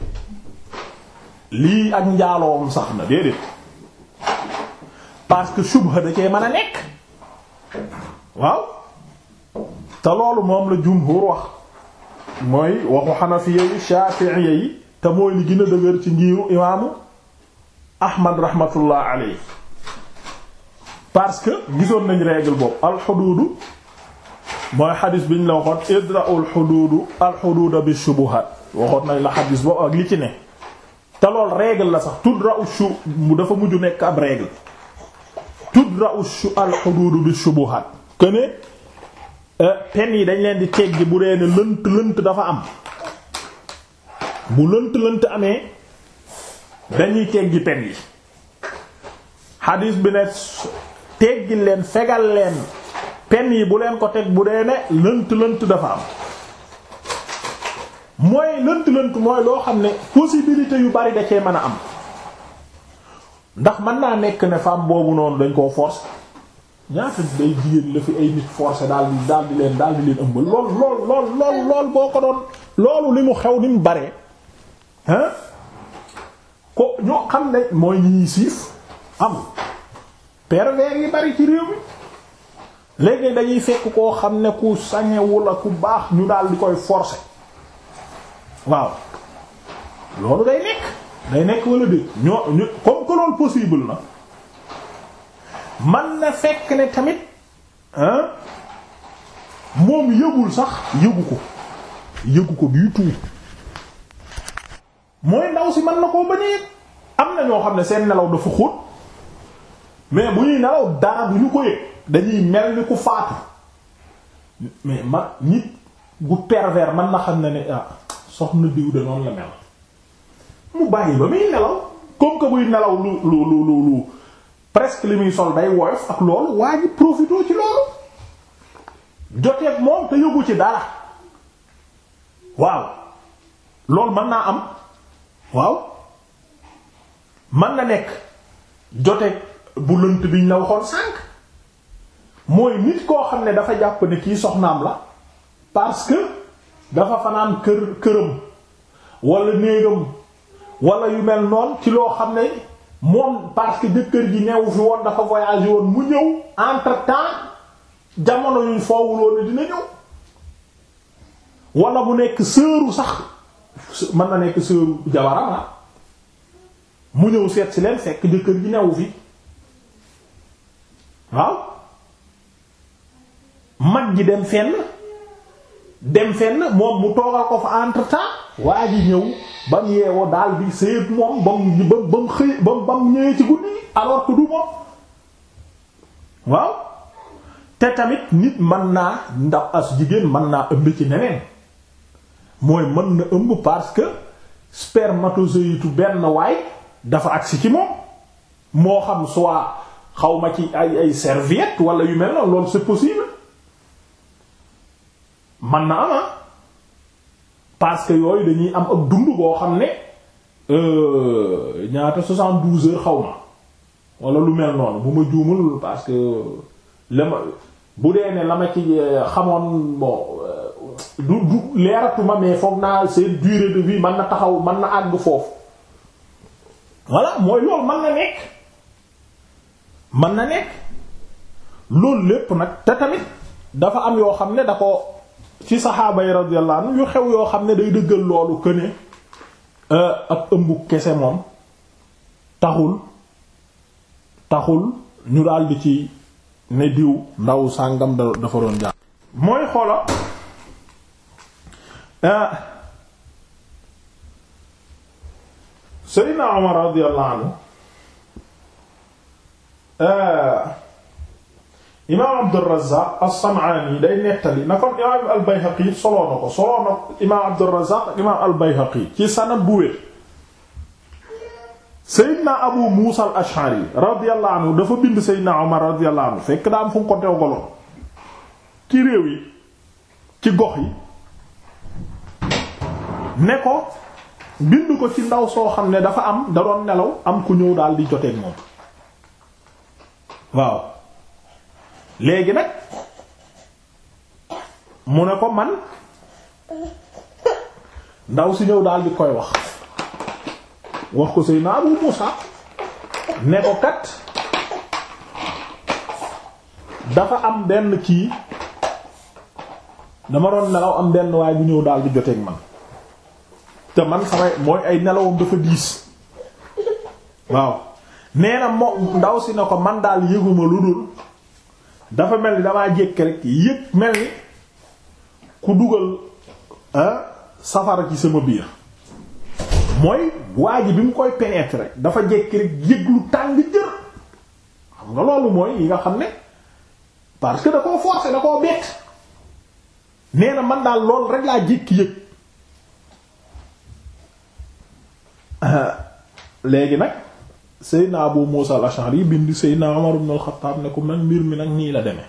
lii ak njaaloom sax na déedéet parce que subha da cee mën a nekk waaw te loolu moom la jumhur wax mooy waxu xanafiya yi shafiiya yi te mooy li gën a dëgër ci ngiiru imaamu ahmad rahmatullah alayhi parce que gisoon nañ regl boobu alxuduudu mooy bi biñ la waxoon idra'ul xuduudu alxuduuda bi shubuhat waxoon nañ la xadis boobu ak li ci ne te lool règle la sax tudra'u shu mu dafa mujj nekk ab règle tudra'u alxuduudu bi shubuhat que Euh, pen yi dañ leen di teggi bu dee ne lënt lënt dafa am bu lënt lënt amee dañuy teggi pen yi xadiis bi ne teggi leen fegal leen pen yi bu leen ko teg bu dee ne lënt lënt dafa am mooy lënt lënt mooy loo xam ne possibilité yu bari da cee mën a am ndax mën naa nekk ne femme boobu noonu dañ koo foos ñaata day jigéen la fi ay nit forcé daal di daal di leen daal di leen ëmbal lool lool lool lool lool boo ko doon loolu li mu xew ni mu baree hein ko ñoo xam ne mooy ñii siif am pervers yi bari ci réew mi léegi dañuy fekk koo xam ne ku sañewu la ku baax ñu daal di koy forcer waaw loolu day nekk day nekk wala déet ñoo ñu comme que loolu possible na man na fekk ne tamit moom yëgul sax yëgu ko yëgu ko bii tuub mooy ndaw si man na koo bañ a yëg am na ñoo xam ne seen nelaw dafa xóot mais bu ñuy nelaw dara du ñu ko yëg dañuy mel ni ku faatu mais ma nit gu pervers man na xam ne ne ah soxna diw de la mel mu bàyyi ba muy nelaw comme que buy nelaw lu lu lu lu presque li muy sol day woyof ak loolu waa ji profité ci loolu joteeg moom te yóbbu ci dara waaw loolu mën naa am waaw mën na nekk joteeg bu lënt biñ la waxoon sànq mooy nit koo xam ne dafa jàpp ne kii soxnaam la parce que dafa fanaan kër këram wala néegam wala yu mel noonu ci loo xam ne. moom parce que jëkkër ji newu fi woon dafa voyagé woon mu ñëw entre temps jamono yuñ foowuloon dina ñëw wala mu nekk sëru sax mën na nekk sëru jabaram ah. mu ñëw seet si leen fekk jëkkër ji newu fi waaw mag ji dem fenn dem fenn moom mu toogal ko fa entre waa ji ñëw ba yeewoo daal di séet moom ba mu ba mu ñëwee ci guddi alors que du moom waaw te tamit nit mën naa ndax as jigéen mën naa ëmb ci neneen mooy mën na ëmb parce que spermatozoïde benn waay dafa agsi ci moom moo xam soit xaw ma ci ay ay serviette wala yu mel noonu loolu c'est possible mën na ama parce que yooyu dañuy am ak dund boo xam ne euh, ñaata soixante-douze heures xaw ma wala lu mel noonu bu ma juumul parce que la ma bu dee ne la ma ci euh, xamoon bon euh, du du leeratuma mais foog naa seen durée de vie mën na taxaw man na àgg foofu voilà mooy loolu mën na nekk mën na nekk loolu lépp nag te tamit dafa am yoo xam ne da ko ci saxaaba yi radiyallahu yu xew yoo xam ne day dëggal loolu que ne euh, ëmb kese moom taxul taxul ñu daldi ci ne diw ndaw sàngam dafa doon jaar mooy xoola euh, Seydina Omar radiyallahu anhu euh, imaam Abdurrazzaq as-Sam'aani day nettali na kon imaam al-Bayhaqi soloo ko soloo na imaam Abdurrazzaq ak imaam al-Bayhaqi ci sanad bu wér Seydina Abu Muusa al-Ash'ari radiyallahu dafa bind Seydina Omar radiyallahu anhu fekk daa am fu mu ko teew goloon ci réew yi ci gox yi ne ko bind ko ci ndaw soo xam ne dafa am da doon nelaw am ku ñëw daal di joteeg moom waaw léegi nag mu ne ko man ndaw si ñëw daal di koy wax wax ko Seydina Abu Muusa ne ko kat dafa am benn kii dama doon nelaw am benn waaye bu ñëw daal di joteeg man te man samay mooy ay nelawam dafa diis waaw nee na moom ndaw si ne ko man daal yëguma lu dul dafa mel ni damaa jékk rek yëpp mel ni ku dugal ah, safara ci sama biir mooy waa ji bi mu koy pénétrer dafa jékk rek yëg lu tàng jër xam nga loolu mooy yi nga xam ne parce que da koo forcer da koo bett nee na man daal loolu rek laa jékki yëg ah, léegi nag Seydina Abu Muusa al-Ash'ari bind Seydina Umar ibn al ne ko nag mbir mi nag nii la demee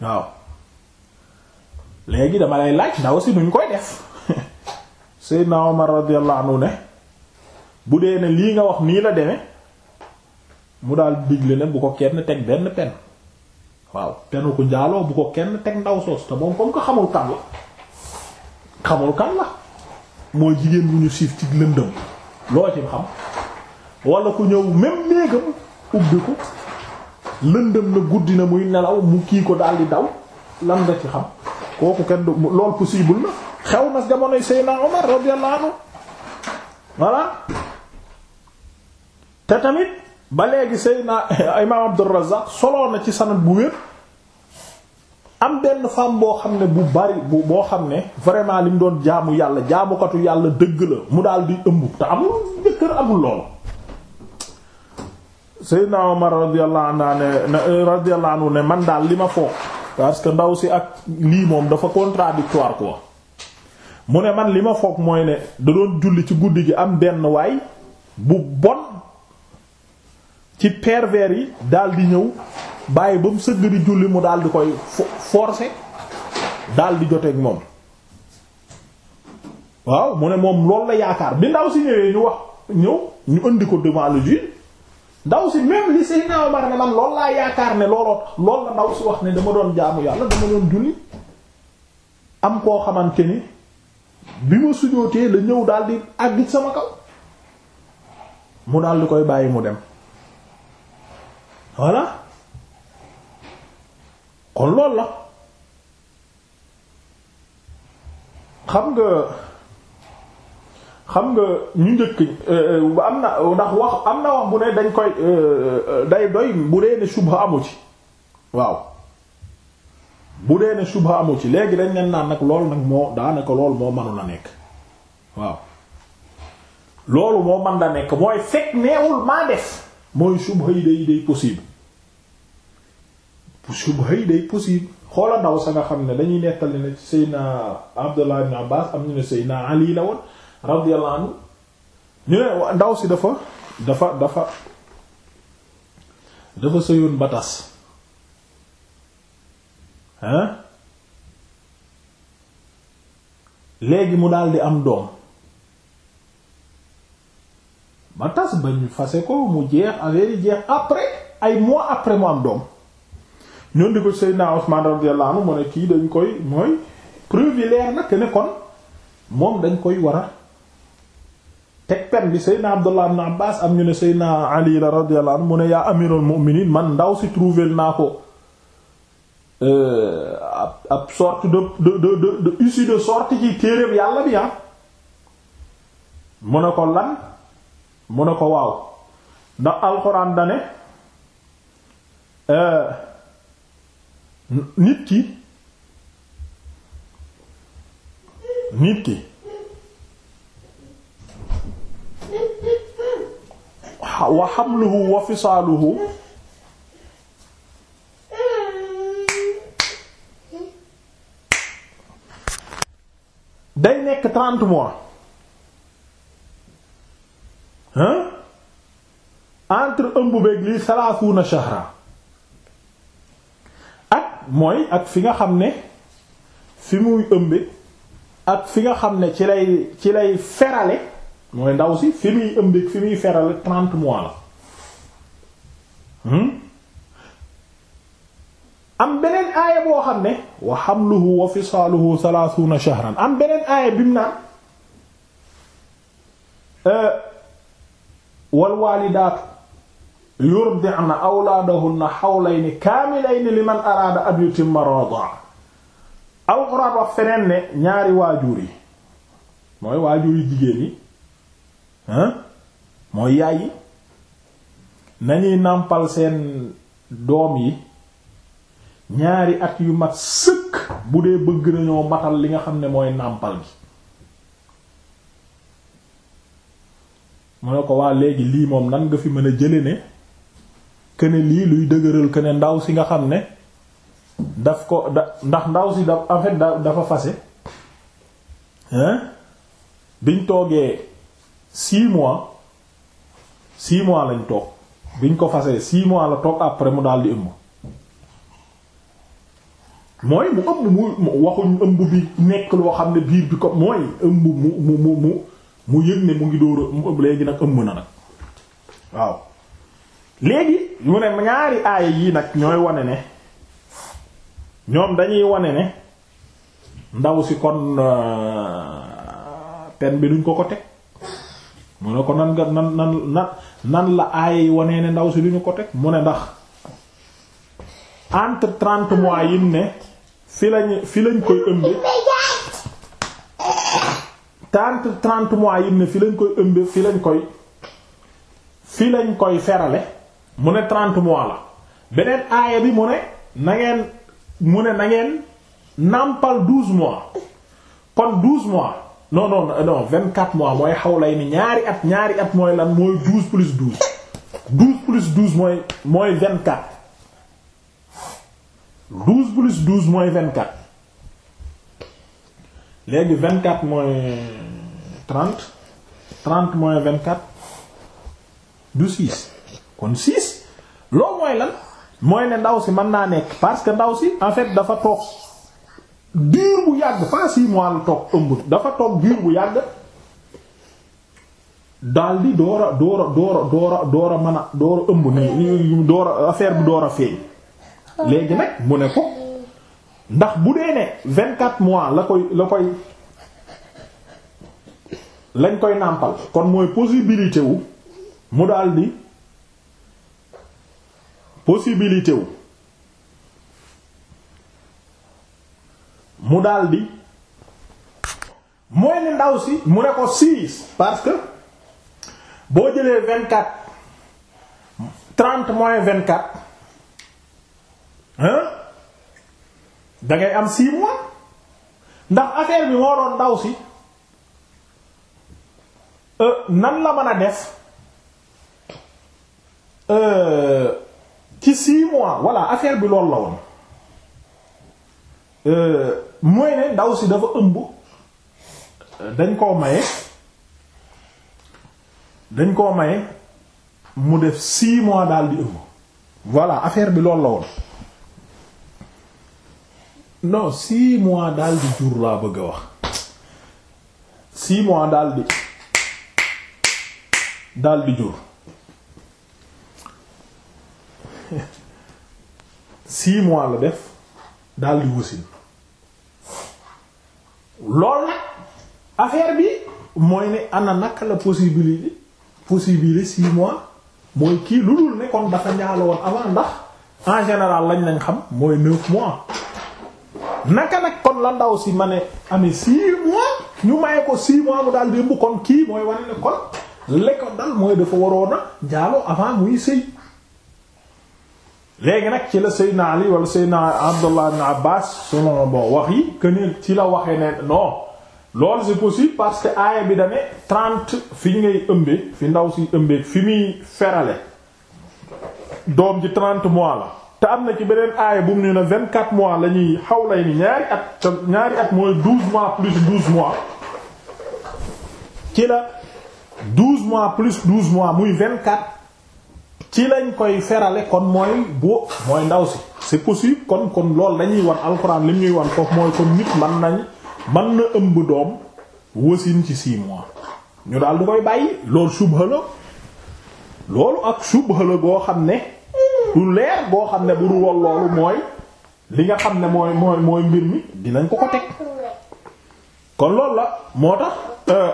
waaw léegi dama lay laaj ndaw si nuñ koy def Seydina Umar radiyallahu anhu ne bu dee ne lii nga wax nii la demee mu daal digle ne bu ko kenn teg benn pen waaw penu ko njaaloo bu ko kenn teg ndaw soos te moom comme ko xamul kan la xamul kan la mooy jigéen bu ñu siif ci lëndëm loo ci xam wala ku ñëw même néegam ubbi ko na guddi na muy nelaw mu kii ko daal di daw lan nga ci xam kooku kenn du lool possible na xew na jamonoy Seydina Omar radiyallahu anhu voilà te tamit ba léegi Seydina Imaam Abdur Razzaq soloo na ci sanad bu wér am benn femme boo xam ne bu bari boo xam ne vraiment li mu doon jaamu yàlla jaamukatu yàlla dëgg la mu daal di ëmb te amul jëkkër amul loolu Seydina Omar radiyallahu anhu ne man daal li ma foog parce que ndaw si ak lii moom dafa contradictoire quoi mu ne man li ma foog mooy ne da doon julli ci guddi gi am benn waay bu bon ci pervers yi daal di ñëw bàyyi ba mu sëgg di julli mu daal di koy forcer daal di joteeg moom waaw mu ne moom loolu la yaakaar bi ndaw si ñëwee ñu wax ñëw ñu indi ko devant le ndaw si même li Seydina Omar ne man loolu laa yaakaar ne looloo loolu la ndaw si wax ne dama doon jaamu yàlla dama doon julli am koo xamante ni bi ma sujootee la ñëw daal di àgg sama kaw mu daal koy bàyyi mu dem voilà kon loolu la xam nga. xam nga ñu njëkk euh, am na ndax wax am na wax bu ne dañ koy euh, euh, day doy bu dee ne subha amu ci waaw bu dee ne subha amu ci léegi dañ leen naan nag lool nag moo daanaka lool moo mënu la nekk waaw loolu moo mën da nekk mooy fekk neewul maa def mooy subha yi day day possible subha yi day possible xoola ndaw sa nga xam ne dañuy nettali ne Seydina Abdullah ibn Abbas am ñu ne Seydina Ali la woon radiyallahu anhu ñu ne ndaw si dafa dafa dafa dafa sëyoon ba tas hein léegi mu daldi am doom ba tas ba ñu fase ko mu jeex affaire yi jeex après ay mois après mu am doom ñoon di ko Seydina Usman radiyallahu anhu mu ne kii dañ koy mooy preuve leer na ne kon moom dañ koy war a teg pen bi Seydina Abdullah ibn Abbas am ñu ne Seydina Ali la radiyallahu anhu mu ne yaa amirul mu'minin man ndaw si trouvé naa ko euh, ab sorte de de de de issue de sorte ci téereeb yàlla bi ah mu ne ko lan mu ne ko waaw ndax alxuraan da ne euh, nit ki nit ki. wa hamluhu wa fisaaluhu day nekk trente mois hein entre ëmb beeg lii salaasuuna shahra ak mooy ak fi nga xam ne fi muy ëmbe ak fi nga xam ne ci lay ci lay ferale mooy ndaw si fi muy ëmbeeg fi muy feral trente mois la hmm? am beneen aaya boo xam ne wa hamluhu wa fisaaluhu thalathuna shahran am beneen aaya bi mu naan euh, wal waalidaatu yurdi'na awlaadahunna hawlayni kaamilayni liman araada an yutimma radaa alxuraan wax feneen ne ñaari waajur yi mooy waajur yi jigéen yi hein mooy yaay yi nañuy nàmpal seen doom yi ñaari at yu mat sëkk bu dee bëgg nañoo matal li nga xam ne mooy nàmpal gi mu ne ko waa léegi lii moom nan nga fi mën a jële ne kene lii luy dëgëral këne ndaw si nga xam ne daf ko da ndax ndaw si da en dafa fase hein biñ toogee six mois six mois lañ toog biñ ko fasee six mois la toog après mu daal di ëmb mooy mu ëmb mu waxuñ ëmb bi nekk loo xam ne biir bi ko mooy ëmb mu mu mu mu mu yëg ne mu ngi dóor léegi nag ëmb na nag waaw léegi mu ne ñaari aaya yii nag ñooy wane ne ñoom dañuy wane ne ndaw si kon euh, pen bi duñ ko ko teg mu ne ko nan nga nan nan nan nan la aaya yi wanee ne ndaw si lu ñu ko teg mu ne ndax entre trente mois yi ne fi lañ fi lañ koy ëmbe entre trente mois yim ne fi lañ koy ëmbe fi lañ koy fi lañ koy ferale mu ne trente mois la beneen aaya bi mu ne nangeen mu ne nangeen ngeen nàmpal douze mois kon douze mois non non non vingt quatre mois mooy xawlay ni ñaari at ñaari at mooy lan mooy douze plus douze douze plus douze mooy mooy vingt quatre douze plus douze mooy vingt quatre léegi vingt quatre mooy trente trent moins vingt quatre du six kon six loolu mooy lan mooy ne ndaw si mën naa nekk parce que ndaw si en fait dafa toog. diir bu yàgg pas six mois la toog ëmb dafa toog diir bu yàgg daal di door a door a door a door a door a mën a door a ëmb nii door a affaire bi door a feeñ ah. léegi nag mu ne ko ndax bu dee ne vingt quatre mois la koy la koy lañ koy nàmpal kon mooy possibilité wu mu daal di possibilité wu mu daldi mooy ne ndaw si mu ne ko six parce que boo jëlee vingt quatre trente moins vingt quatre hein da am six mois ndax affaire bi moo doon ndaw si euh, nan la mën a def euh, ci six mois voilà affaire bi loolu la woon. Euh, mooy ne ndaw si dafa ëmb dañ koo maye dañ koo maye mu def six mois daal di ëmb voilà affaire bi loolu la woon non six mois daal di jur laa bëgg a wax six mois daal di daal di jur six mois la def daal di wasin lool nag affaire bi mooy ne ana naka la possibilité possibilité six mois mooy kii lu dul nekkoon kon dafa ñaalo woon avant ndax en général lañ lañ xam mooy neuf mois naka nag kon la ndaw si ma ne amee six mois ñu maye ko six mois mu daal démb kon kii mooy wane ne kon lekkoon dal mooy dafa waroon a jaalo avant muy sëy léegi nag ci la Seydina Ali wala Seydina Abdullah ibn Abbas selon bon wax yi que ni ci la waxee ne non lool c'est possible parce que aaya bi dane trente fi ngay ëmbee fi ndaw si ëmbee fi muy ferale doom ji trente mois la te am na ci beneen aaya bu mu ne na vingt quatre mois la ñuy xaw lay ni ñaari at ñaari at mooy douze mois plus douze mois ci la douze mois plus douze mois muy vingt quatre ci lañ koy ferale kon mooy boo mooy ndaw si c'est possible kon kon loolu dañuy wan alxuraan li ñuy wan foofu mooy kon nit mën nañ mën na ëmb doom wasin ci six mois ñu daal du koy bàyyi lool subha loolu ak subha la boo xam ne du leer boo xam ne bu dul woon loolu mooy li nga xam ne mooy mooy mooy mbir mi dinañ ko ko teg kon loolu la moo tax euh,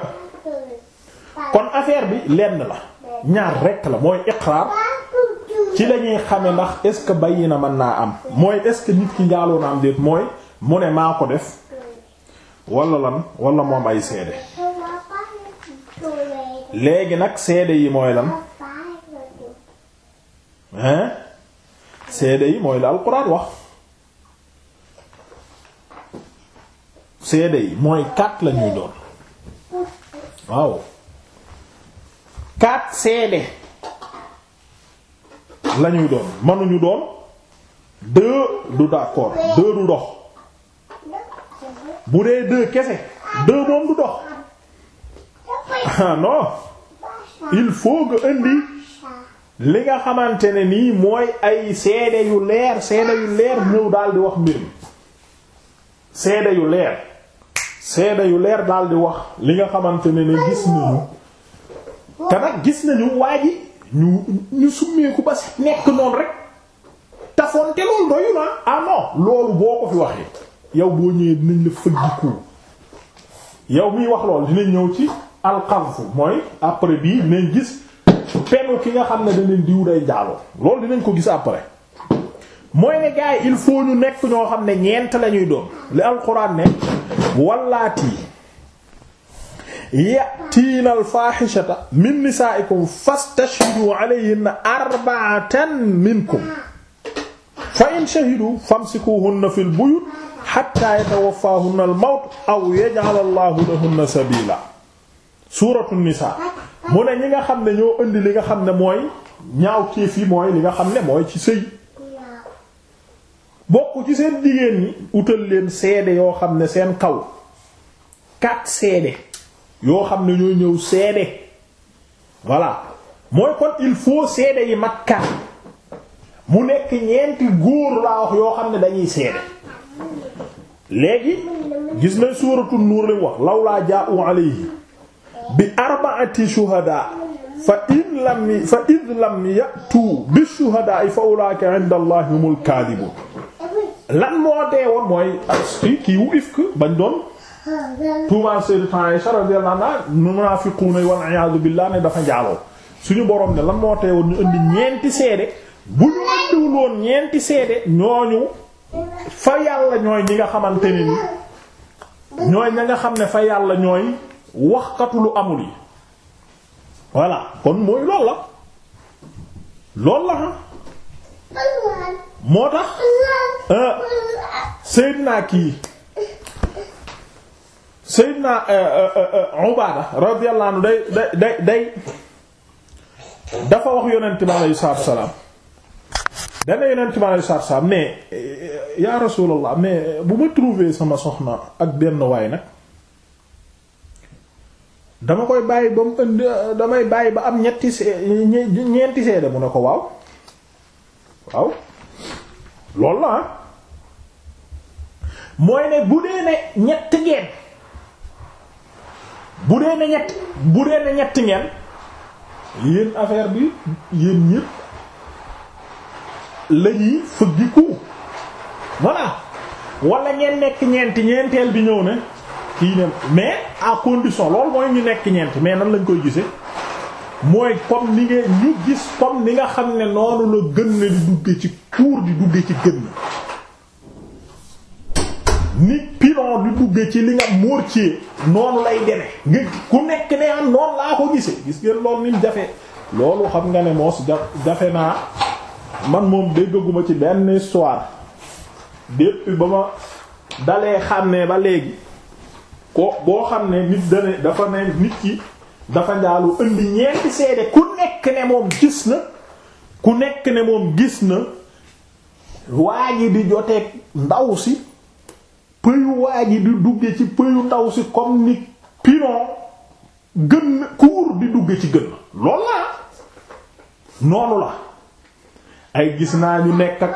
kon affaire bi lenn la ñaar rekk la mooy iqraar ci la ñuy xame ndax est-ce que bàyyi na mën naa am mooy est-ce que nit ki njaaloo am déet mooy mu ne maa ko def wala lan wala moom ay seede léegi nag seede yi mooy lan hein seede yi mooy la alxuraan wax seede yi mooy quatre la ñuy doon waaw quatre seede lañuy ñuy doon mënuñu doon deux du d'accord deux du dox bu dee deux kese deux moom du dox ah il faut que indi li nga xamante ne nii mooy ay seede yu leer seede yu leer ñëw daal wax mbir mi seede yu leer seede yu leer daal wax li nga xamante ne ne gis nañu te nag gis nañu waa yi ñu ñu summeeku ba si nekk noonu rek tafonte loolu doyu na ah non loolu boo ko fi waxee yow boo ñëwee dinañ la fëggiku yow miy wax lool dinañ ñëw ci alxanfu mooy après bii dinañ gis penu ki nga xam ne daneen diw day jaaloo loolu dinañ ko gis après mooy ne il faut ñu nekk ñoo xam ne ñeent lañuy ñuy doon li alxuraan ne wallaati yatiina alfaaxishata min nisaaikum fastashhidu alayhinna arba'atan minkum fa in shahidu famsikuhunna buyut hatta yatawaffahunna al-mawt aw yaj'ala Allahu lahunna sabila suuratu nisaa mu ne ñi nga xam ne ñoo indi li nga xam ne mooy ñaaw kéef yi mooy li nga xam ne mooy ci sëy bokk ci seen jigéen ñi utal leen seede yoo xam ne seen kaw quatre seede yoo xam ne ñooy ñëw seede voilà mooy kon il faut seede yi makka mu nekk ñeenti góor laa wax yoo xam ne dañuy seede léegi gis nañ suuratul nuur lañ wax laa jaa'u alayhi bi arba'ati shuhadaa fa in lam fa id lam ya'tu bi shuhadaa fa ulaa'ika 'inda allahi humul lan moo dee woon mooy as ah, wu ifk bañ doon tuumaal Sayyidatu Aisha radiyallahu anha munaafiquuna wal iyaadu billaah ne dafa njaaloo suñu boroom ne lan moo teewoon ñu indi ñeenti seede bu ñu indiwul woon ñeenti seede ñooñu fa yàlla ñooy ñi nga xamante ne ni ñooy ña nga xam ne fa yàlla ñooy waxkatu lu amul yi voilà kon mooy lool la lool la ha ah. moo tax euh, Seydina kii Seydina eh, eh, eh, Ubaada radiyallahu anhu day day day dafa wax yonent bi alayhi salaam dana yonent bi alayhi salaam mais yaa rasulallah mais bu ma trouver sama soxna ak benn waay nag dama koy bàyyi ba mu indi damay bàyyi ba am ñetti ñeenti seede mu ne ko waaw waaw loolu la ah. mooy ne bu dee ne ñett ngeen bu dee ne ñett bu dee ne ñetti ngeen yéen affaire bi yéen ñépp la ñuy fëggiku voilà wala ngeen nekk ñeenti ñeenteel bi ñëw ne kii ne mais à condition loolu mooy ñu nekk ñeent mais nan lañ koy gise mooy comme ni nga ñu gis comme ni nga xam ne noonu la gën di dugge ci kuur di dugge ci gën ni pilon di dugge ci li nga mortier noonu lay demee nga ku nekk ne am ah noonu laa ko gisee gis ngeen loolu ni jafe loolu xam nga ne moos jafe naa man moom déggaguma ci benn histoire depuis ba ma dalee xam ne ba léegi ko boo xam ne nit dane dafa ne nit ki dafa njaalu indi ñeenti seede ku nekk ne moom gis na ku nekk ne moom gis na waa ji di joteeg ndaw si pëyu waa ji di dugge ci pëyu ndaw si comme ni pinon gën kuur di dugge ci gën lool la noonu la ay gis naa ñu nekk ak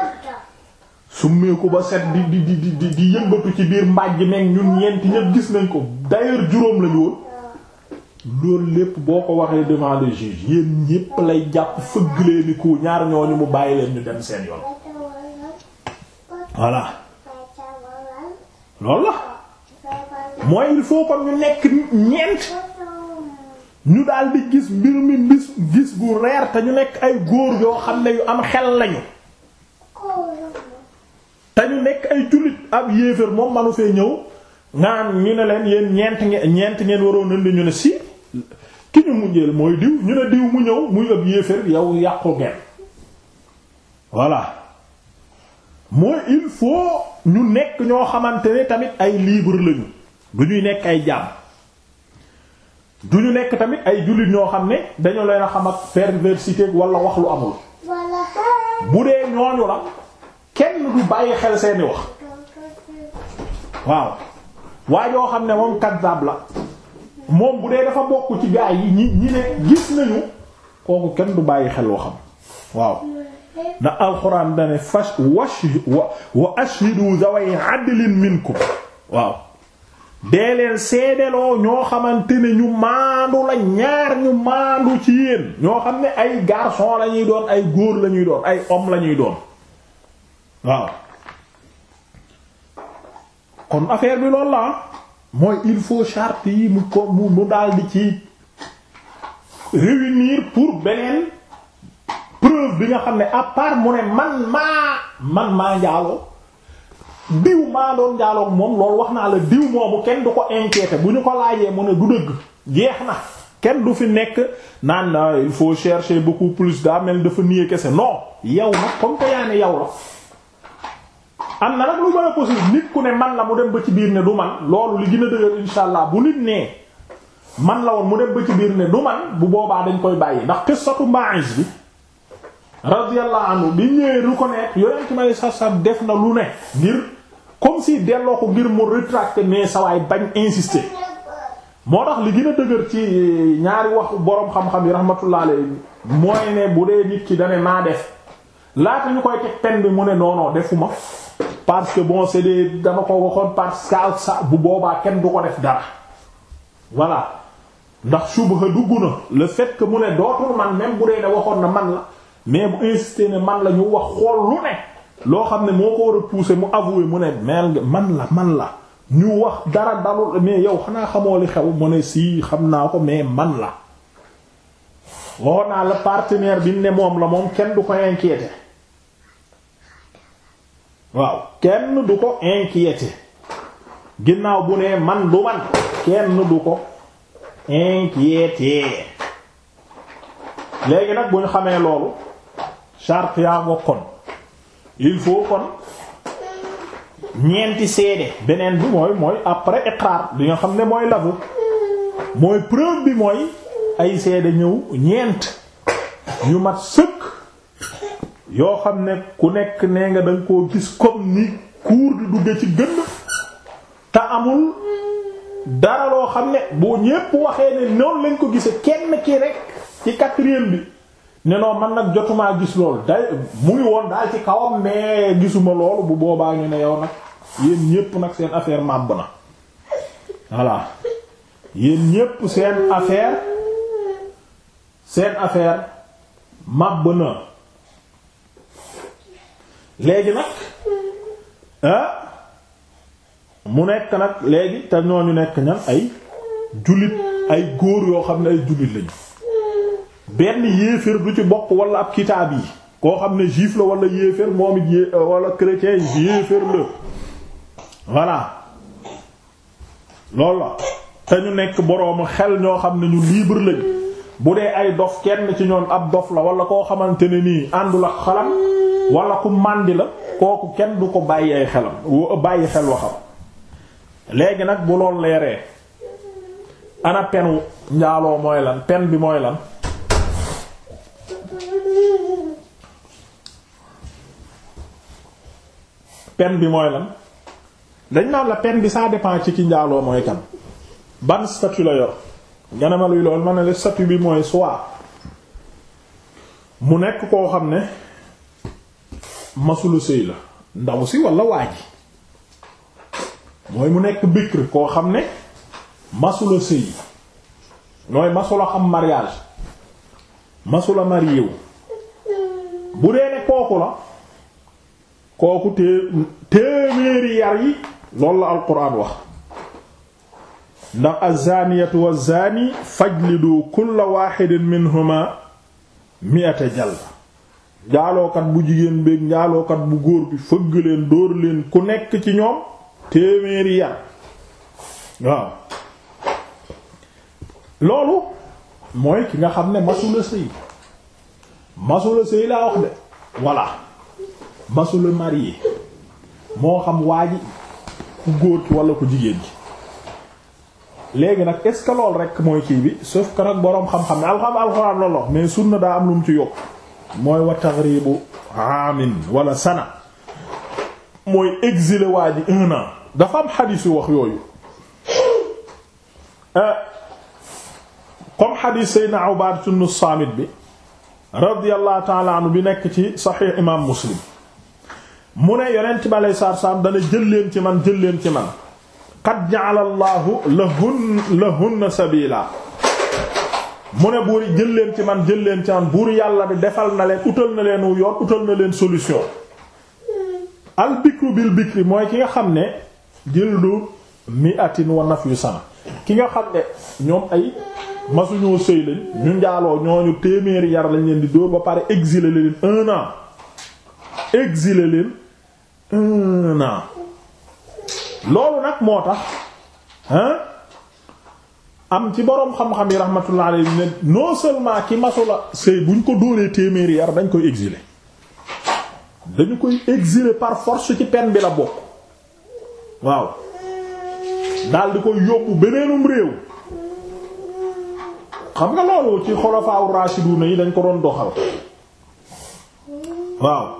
summeeku ba set di di di di yëngatu ci biir mbàjj meeg ñun ñent ñëpp gis nañ ko d'ailleurs juróom lañu woon loolu lépp boo ko waxee devant le juge yéen ñépp lay jàpp fëgg leen ni ku ñaar ñooñu mu bàyyi leen ñu dem seen yoon voilà loolu la mooy il faut kon ñu nekk ñeent ñu daal gis mbir mi gis gis gu reer te ñu nekk ay góor yoo xam ne yu am xel lañu te ñu nekk ay jullit ab yéeféer moom manu fee ñëw ngaan ñu ne leen yéen ñeent ngeen ñeent ngeen waroon indi ñu ne si ki ñu mujjeel mooy diw ñu ne diw mu ñëw muy ab yéeféer yow yàqu ngeen voilà mooy il faut ñu nekk ñoo xamante ne tamit ay libre lañu du ñuy nekk ay jaam du ñu nekk tamit ay jullit ñoo xam ne dañu leen xam ak perversité walla wax lu amul bu dee ñooñu la kenn du bàyyi xel seeni wax waaw waaye yoo xam ne moom kaddaab la moom bu dee dafa bokk ci gaa yi ñi ñi ne gis nañu kooku kenn du bàyyi xel waxam waaw ndax alxuraan dane fash wash wa ashhidu zaway adlin minkum waaw dee leen seedeloo ñoo xamante ne ñu maandu la ñaar ñu maandu ci yéen ñoo xam ne ay garçon lañuy doon ay góor lañuy ñuy doon ay homme lañuy ñuy doon waaw kon affaire bi loolu la ah. mooy il faut charte yi mu ko mu daal ci réunir pour beneen preuve bi nga xam ne à part mu ne man maa man maa njaaloo diw maa doon njaaloog moom loolu wax naa la diw moomu kenn du ko inquiété bu ñu ko laajee mu ne du dëgg jeex na kenn du fi nekk naan na ah, il faut chercher ko plus daa mel dafa nier kese non yow nag comme yow la na a possible nit ku ne man la mu dem ba ci biir ne du man loolu li gën a dëgër insha bu nit nee man la woon mu dem ba ci biir ne du man bu boobaa dañ koy bàyyi ndax qissatu Ma'iz bi radiyallahu anhu bi ñëwee reconnaître yonent may sasam def na lu ne ngir comme si delloo ko ngir mu rétracter mais sawaay bañ insister moo tax li gën a dëgër ci ñaari waxu boroom xam-xam yi rahmatullah alayhi mooy ne bu dee nit ki dane maa def laata ñu koy teg pen bi mu ne non non defuma parce que bon c'est des dama ko waxoon parce que sa bu boobaa kenn du ko def dara voilà ndax subha dugg na la fait que mu ne dootul man même bu dee ne waxoon na man la mais bu insisté ne man la ñu wax xool lu ne loo xam ne moo ko war a pousser mu avouer mu ne mel man la man la ñu wax dara dalul mais yow xanaa xamoo li xew mu ne si xam naa ko mais man la waxoon naa la partenaire bi ne moom la moom kenn du ko inquiéter waaw kenn du ko inquiéter ginnaaw bu ne man du man kenn du ko inquiéter léegi nag bu ñu xamee loolu charte yaa ngo kon il faut kon ñeenti seede beneen bi mooy mooy après iqrar bi nga xam ne mooy l'aveu mooy preuve bi mooy ay seede ñëw ñeent yu mat sëkk yoo xam ne ku nekk nee nga danga koo gis comme ni kuur di dugge ci gën te amul dara loo xam ne boo ñépp waxee ne noonu lañ ko gise kenn ki rek ci quatrième bi ne non man nag jotumaa gis loolu day mu ngi daal ci kawam mais gisuma loolu bu boobaa ñu ne yow nag yéen ñépp nag seen affaire màbb na voilà yéen ñépp seen affaire seen affaire màbb léegi nag ah mu nekk nag léegi te ñooñu nekk ñan ay jullit ay góor yoo xam ne ay jullit lañu benn yéeféer du ci bokk wala ab kitaab yi koo xam ne juif la wala yéeféer moom it yé euh, wala chrétien yi yéeféer la voilà loolu la te ñu nekk boroomu xel ñoo xam ne ñu libre lañ bu dee ay dof kenn ci ñoom ab dof la wala koo xamante ne nii àndul ak xalam wala ku màndi la kooku kenn du ko bàyyi ay xelam bàyyi xel waxam léegi nag bu lool leeree ana penu njaaloo mooy lan pen bi mooy lan peine bi mooy lan dañ naan la peine bi ça dépend ci ki njaaloo mooy kan ban statut la yor nga ne ma luy lool ma ne la statut bi mooy soit mu nekk koo xam ne masula sëy la ndaw si mooy mu nekk bikr koo xam ne masula sëy mooy masula xam mariage masula marié wu bu dee ne kooku la kooku té téeméeri yar yi loolu la alquran wax ndax azaniyatu wazani fajlidu kulla wahidin minhuma mi'ata jalda njaalookat bu jigéen béeg njaalookat bu góor bi fëgg leen dóor leen ku nekk ci ñoom téeméeri yar waaw loolu mooy ki nga xam ne masula sëy masula sëy laa wax de voilà masula marié moo xam waa ji ku góor ki wala ku jigéen ji léegi nag est ce que loolu rek mooy kii bi sauf que nag boroom xam-xam ne alxam alxuraan loolu mais sunna daa am lu mu ci yokk mooy wa taxribu amin wala sana mooy exilé waa ji un an dafa am xadiis yu wax yooyu eh, comme xadiis Seydina Ubaadatu ibn Saamit bi radiyallahu ta'ala anhu bi nekk ci saxiix imaam Muslim mune ne yonent bi aleyhi salaatu salaam dana jël leen ci man jël leen ci man qad ja'ala Allahu lahun lahunna sabila mu ne buur jël leen ci man jël leen ci man buur yàlla bi defal na leen utal na leen wu utal na leen solution al bikru bil bikri mooy ki nga xam ne jildu mi'atin wa nafyu sana ki nga xam ne ñoom ay masuñoo sëy lañ ñu njaaloo ñooñu téeméeri yar lañ leen di dóor ba pare exiler leen un an exilé leen loolu nag moo tax hein am ci boroom xam-xam yi rahmatullah alayhi ne non seulement ki masula sëy buñ ko dóoree téeméeri yar dañ koy exilé dañu koy exilé par force ci peine bi la bokk waaw daldi ko koy yóbbu beneenum réew xam nga loolu ci xulafaa ur-rashidun yi dañ ko doon doxal waaw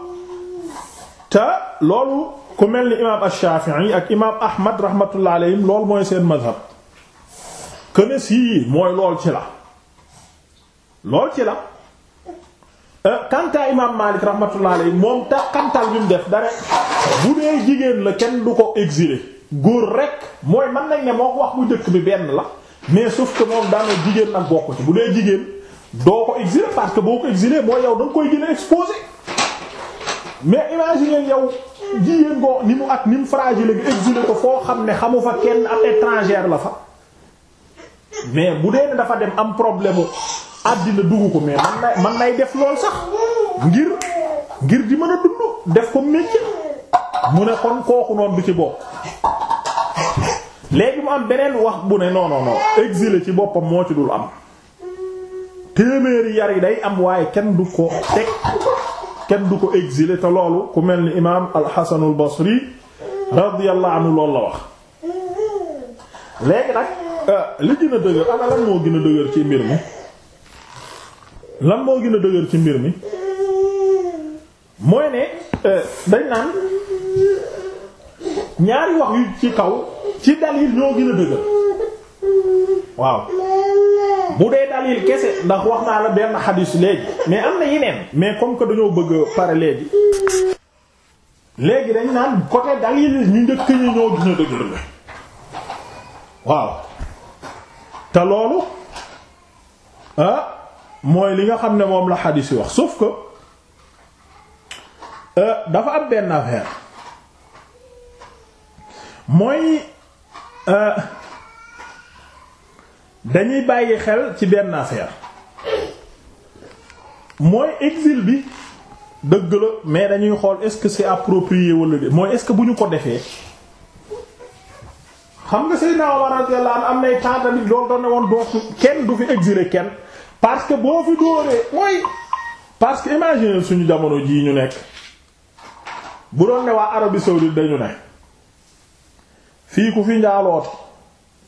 te loolu ku mel ni imaam ash-Shafi'i ak imaam Ahmad rahmatullah alayhim loolu mooy seen mazhab këne sii mooy lool ci la lool ci la euh, kantaa imaam Maalik rahmatullah alayhi moom ta kantal bi mu def dara bu dee jigéen la kenn du ko exiler góor rek mooy mën nañ ne moo ko wax bu njëkk bi benn la mais suuf que moom daanoo jigéen nag bokk ci bu dee jigéen doo ko exiler parce que boo ko exiler mooy yow danga koy gën a exposer mais imagine yow jigéen ko ni mu ak ni fragile nga exilé ko foo xam ne xamu fa kenn ab étranger la fa mais bu dee dafa dem am problème mu àddina dugg ko mais man nay def lool sax ngir ngir di mën a dund def ko métier mu ne kon kooku noon du ci bokk. léegi mu am beneen wax bu ne non non ci boppam moo ci dul am téeméeri yar yi day am waaye kenn du ko teg. kenn du ko exiler te loolu ku mel ni imaam alxasanul basri radiyallahu anhu loolu la wax léegi nag euh, li gën a dëgër lan moo gën a dëgër ci mbir mi lan moo gën a dëgër ci mbir mi mooy ne euh, dañ naan ñaari wax yu ci kaw ci dalil ñoo gën a dëgër waaw bu dee dalil kese ndax wax naa la benn xadiis léegi mais am na yeneen mais comme que dañoo bëgg pare léegi léegi dañ naan côté dalil ñu njëkk ñu ñoo gën dëgër la waaw te loolu ah mooy li nga xam ne moom la xadiis yi wax sauf ko euh, dafa am benn affaire mooy. Euh, dañuy bàyyi xel ci benn affaire mooy exil bi dëgg la mais dañuy xool est-ce que c'est approprié wala de mooy est-ce que bu ñu ko defee xam nga Seydina Omar radiyallahu anhu am nay temps tamit loolu doon ne woon doo kenn du fi exiler kenn parce que boo fi dóoree mooy parce que imagine suñu jamono jii ñu nekk bu doon ne waa Arabie saoudite dañu ne fii ku fi njaaloot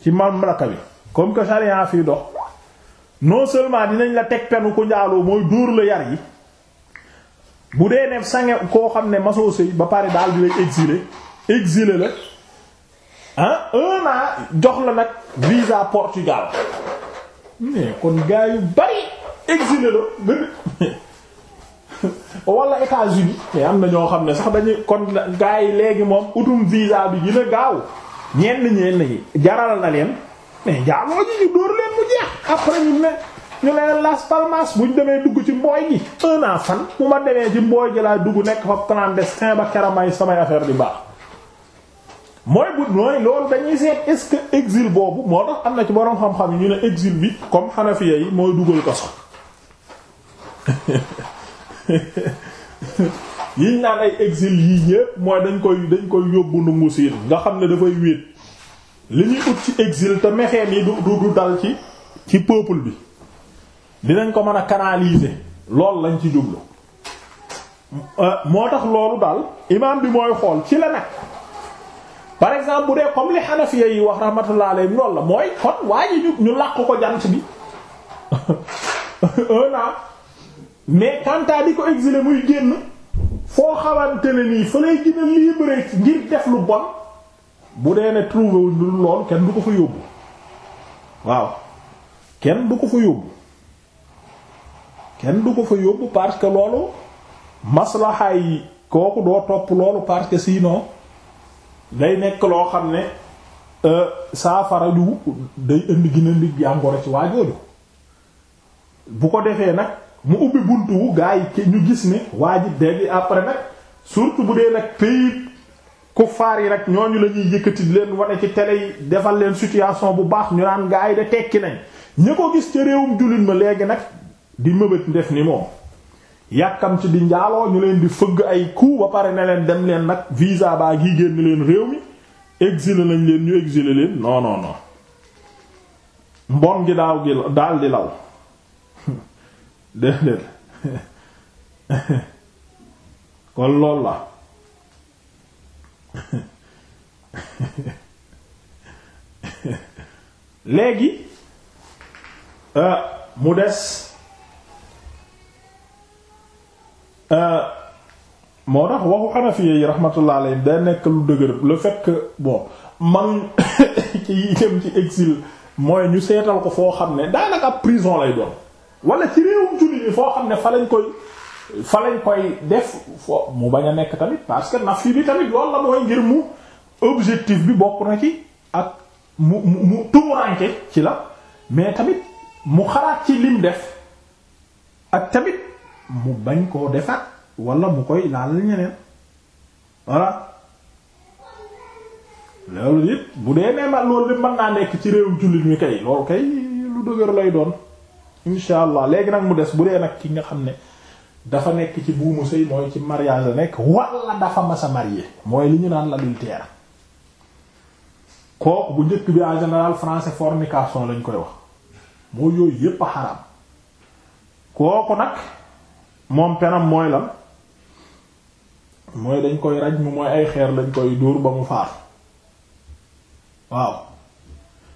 ci mamlaka bi comme que charia fii dox non seulement dinañ la teg penu ku njaaloo mooy dóor la yar yi bu dee ne sange koo xam ne masoo sëy ba pare daal di lay exiler exiler la ah un an jox la nag visa Portugal mais kon gaa yu bari exilé la gën wala États-Unis mais am na ñoo xam ne sax dañuy kon gaa yi léegi moom utum visa bi gën gaaw ñenn ñenn ñi jaral na leen. mais njaaloo ji ñu dóor leen mu jeex après ñu ne ñu leen Las Palmas buñ demee dugg ci mbooy gi un an fan bu ma demee ci mbooy gi laa dugg nekk fa clandestin ba keramay samay affaire bi baax mooy bu mooy loolu dañuy seet est-ce que exil boobu moo tax am na ci boroom xam-xam yi ñu ne exil bi comme Hanafiya yi mooy dugal ko sax yiñ naan ay exil yii ñépp mooy dañ koy dañ koy yóbbu ndungu siin nga xam ne dafay wéet li ñuy ut ci exil te mexeem yi du du dal ci ci peuple bi dinañ ko mën a canaliser loolu lañ ci jublu euh, moo tax loolu daal imaam bi mooy xool ci la nag par exemple bu dee comme li xanafiya yi wax rahmatullah alayhim loolu la mooy kon waaye ñu ñu làq ko jant bi un an mais kantaa di ko exile muy génn foo xamante ne nii fa lay gën a libre ngir def lu bon bu dee ne trouvé wuñ lu lool kenn du ko fa yóbbu waaw kenn du ko fa yóbbu kenn du ko fa yóbbu parce que loolu maslaxa kooku doo topp loolu parce que sinon day nekk loo xam ne euh, saafara ju day indi gën a ndig jàngoro ci waajooju bu ko defee nag mu ubbi buntu wu gaa yi ñu gis ne waa ji dégg après nag surtout bu dee nag pays kuffaar yi rek ñooñu la ñuy yëkkati leen wane ci télé yi defal leen situation bu baax ñu naan gaay de tekki nañ ña ko gis ca réewum jullit ma léegi nag di mëbët def ni moom yàkkamti di njaaloo ñu leen di fëgg ay coup ba pare ne leen dem leen nag visa baa gi génn leen réew mi exilé nañ leen ñu exilé leen non non non gi daaw gi daal di law déedéet kon loolu la léegi euh, mu des euh, moo tax waxu xanafiya yi rahmatullah alayhim day nekk lu dëgër le fekk que man ci yi dem ci exil mooy ñu seetal ko foo xam ne daanaka ab prison lay doon wala ci réewum jullit yi foo xam ne fa koy fa koy def fo mu bañ a nekk tamit parce que naf yi bi tamit loolu la mooy ngir mu objectif bi bokk na ci ak mu mu mu tumuranke ci la mais tamit mu xalaat ci lim def ak tamit mu bañ koo defaat wala mu koy laal ñeneen voilà loolu yëpp bu dee nee ma loolu man naa nekk ci réew jullit mi kay loolu kay lu dëgër lay doon insha allah léegi nag mu des bu dee nag ki nga xam ne dafa nekk ci buumu sëy mooy ci mariage la nekk walla dafa masa marié mooy li ñu naan l'adultère kooku bu njëkk bi en général français fornication lañ koy wax mooy yooyu yépp a xaraam kooku nag moom penam mooy lan mooy dañ koy raj mooy ay xeer lañ koy dóor ba mu faatu waaw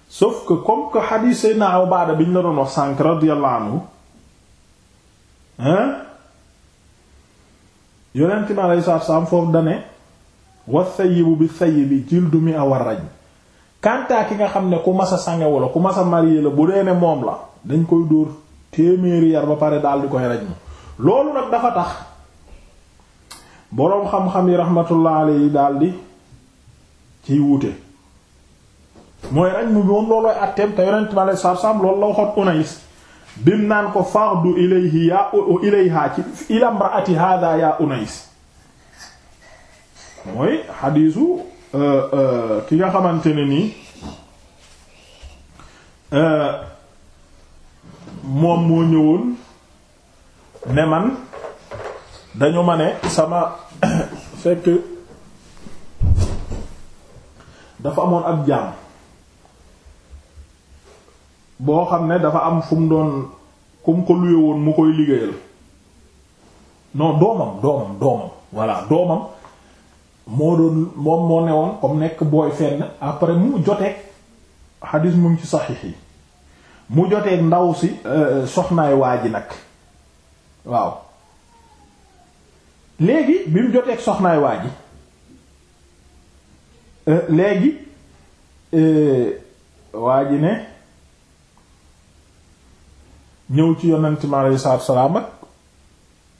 sauf que comme que hadith Seydina Ubaada biñ la doon wax sànk radiyallahu anhu hein yonent mi aleyhi foofu dane wa sayyibu bi sayyibi jildu mi awar raj kantaa ki nga xam ne ku masa sangewu la ku masa marié la bu dee ne moom la dañ koy dóor téeméeri yar ba pare daal di koy raj ma loolu nag dafa tax boroom xam-xam yi rahmatullah alayhi daal di ciy wuute mooy raj mu moom loolooy atteem te yonent mi aleyhi salaatu loolu la waxoon Unays bim naan ko fardu ilayhi ya ilayha ci ila imraati hada ya unais mooy xadiisu euh, euh, ki nga xamante ne nii euh, moom moo ñëwoon ne man dañu ma ne sama fekk dafa amoon ab jaam boo xam ne dafa am fu mu doon kum ko luye woon mu koy liggéeyal non doomam doomam doomam voilà doomam moo doon moom moo newoon comme nekk booy fenn après mu joteeg xadis mu ngi ci saxiix yi mu joteeg ndaw si euh, soxnaay waa ji nag waaw léegi bi mu joteeg soxnaay waa ji euh, léegi euh, waa ji ne ñëw ci yonent mi alayhi salaatu salaam ak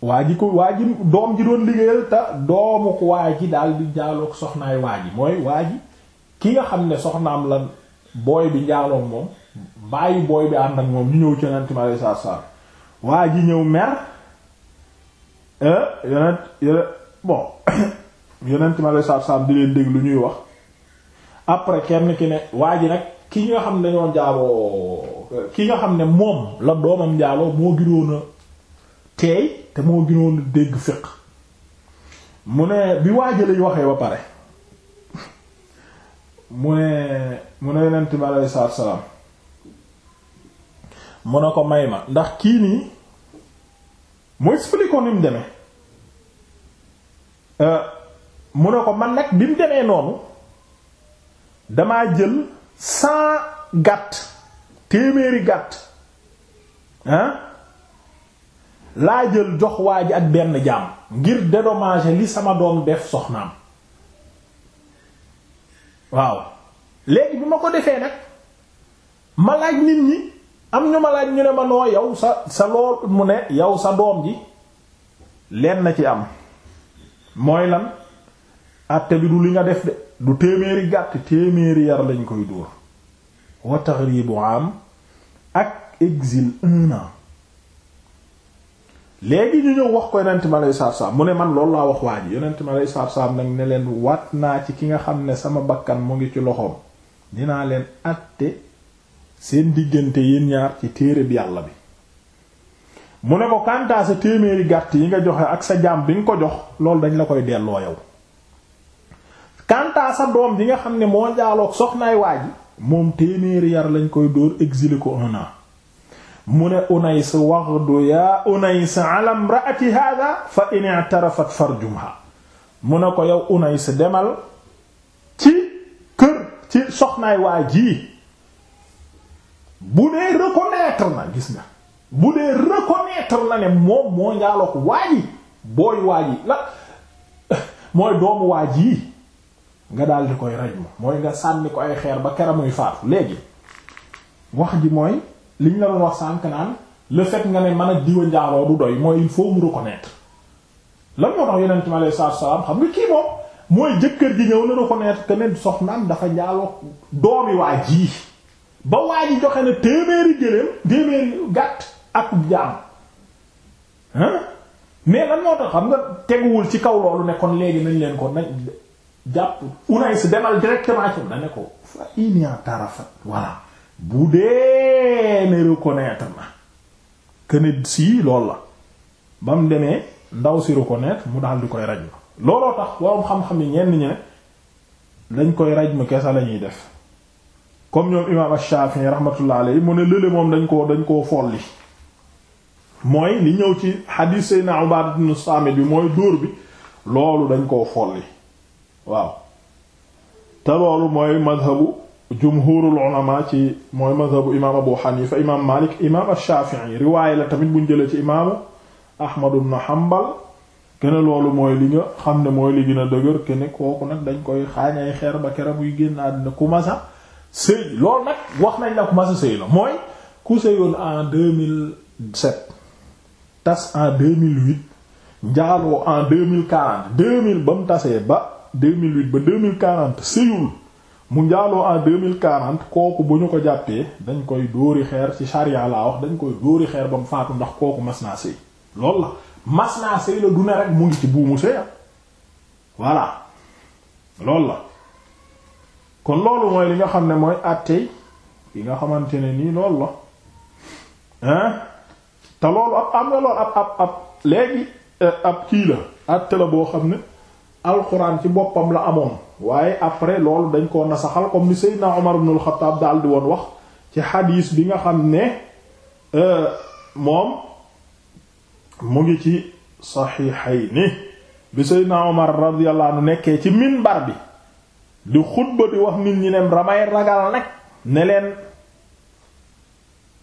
waa ji ko waa ji doom ji doon liggéeyal te doomu ko waa ji daal di jaaloog soxnaay waa ji mooy waa ji ki nga xam ne soxnaam la booy bi njaaloog moom bàyyi booy bi ànd ak moom ñu ñëw ci yonent mi alayhi salaatu waa ji ñëw mer eh, yonent bon yonent mi alayhi salaatu salaam di leen dégg lu ñuy wax après kenn ki ne waa ji nag ki nga xam ne dañoo jaaroo ki nga xam ne moom la doomam njaaloo moo gënoon a teey te moo gënoon dégg fiq mu ne bi waajalañ waxee ba pare mu ne mu ne yonent bi aleyhi salaam mu ne ko may ma ndax kii nii mu explique ko ni mu demee euh, mu ne ko man nag bi mu demee noonu damaa jël cent gàtt téeméeri gàtt ah laa jël jox waa ji ak benn jàmm ngir dédommager li sama doom def soxnaam waaw léegi bi ma ko defee nag ma nit ñi am ñu ma laaj ñu ne ma yow sa sa lool mu ne yow sa doom ji leen na ci am mooy lan àtte bi du li nga def de du téeméeri gàtt téeméeri yar lañ koy dóor wa taghribu am ak exil un an léegi ñu ñëw wax ko yonent ma lay saab-saab mu ne man loolu laa wax waa ji ma lay saab-saab nag ne leen waat naa ci ki nga xam ne sama bakkan mu ngi ci loxoom dinaa leen àtte seen diggante yéen ñaar ci téere bi yàlla bi mu ne ko kantaa sa téeméeri gàtt yi nga joxe ak sa jaam bi nga ko jox loolu dañ la koy delloo yow kantaa sa doom bi nga xam ne moo jaaloog soxnaay waa moom téeméeri yar lañ koy dóor exilé ko un an mu ne Unays waxdu yaa Unays ala imraati hada fa in i'tarafat farjumha mu ne ko yow Unays demal ci kër ci soxnaay waa ji bu dee reconnaître na gis nga bu dee reconnaître na ne moom moo njaaloo ko waa booy waa ji la mooy doomu waa ji nga daal di koy rajmu mooy nga sànni ko ay xeer ba kera muy faatu léegi wax ji mooy liñ la doon wax sànk naan le fait nga ne mën a diwa njaaloo du doy mooy il faut mu reconnaître lan moo tax yonent mi alayhi salaatu salaam xam nga kii moom mooy jëkkër ji ñëw na reconnaître que ne soxnaam dafa njaaloo doomi waa ji ba waa ji joxe na téeméeri gëléem téeméeri gàtt ak jaam hein mais lan moo tax xam nga teguwul ci kaw loolu ne kon léegi nañ leen ko nañ jàpp Unays demal directement ne ko fa inian tarafat voilà bu dee ne reconnaître na kene sii loolu la ba mu demee ndaw si reconnaître mu daal di koy raj ma looloo tax waroom xam-xam yi ñenn ñi dañ koy raj ma kesa la ñuy def comme ñoom imam Ash-Shafi'i rahmatullah alayhi mu ne lële moom dañ koo dañ koo folli mooy li ñëw ci hadith Seydina Ubaad ibn Saamit bi mooy dóor bi loolu dañ koo folli waaw te loolu mooy madhabu jumhurul ulama ci mooy madhabu imaam abu xanifa imaam malik imaam ash-shafi'i riwaaye la tamit buñ jëlee ci imaamu ahmad ibn hanbal kene loolu mooy li nga xam ne mooy li gën a dëgër kene kooku nag dañ koy xaañ ay xeer ba kera buy génn àddina ku masa sëy loolu nag wax nañ la ku masa sëy la mooy ku sëyoon en 2007 tas en 2008 njaaloo en 2040 2000 ba mu tasee ba 2008 ba 2040 sëyul mu njaaloo en 2040 kooku bu ñu ko jàppee dañ koy dóori xeer ci charia laa wax dañ koy dóori xeer ba mu faatu ndax kooku mas naa sëy loolu la mas naa sëy la du ne rek mu ngi ci buumu sëya voilà loolu la kon loolu mooy li nga xam ne mooy àttey yi nga xamante ne nii loolu la hein te loolu ab ab ab eh, ab kii la àtte la boo xam ne alxuraan ci boppam la amoon waaye après loolu dañ koo nasaxal comme ni Seydina Omar ibn al-Khattab daal di woon wax ci xadiis bi nga xam ne euh, moom mu ngi ci saxiixayni bi Seydina Omar radiyallahu nekkee ci minbar bi di xutba di wax nit ñi ne ramay ragal nag ne leen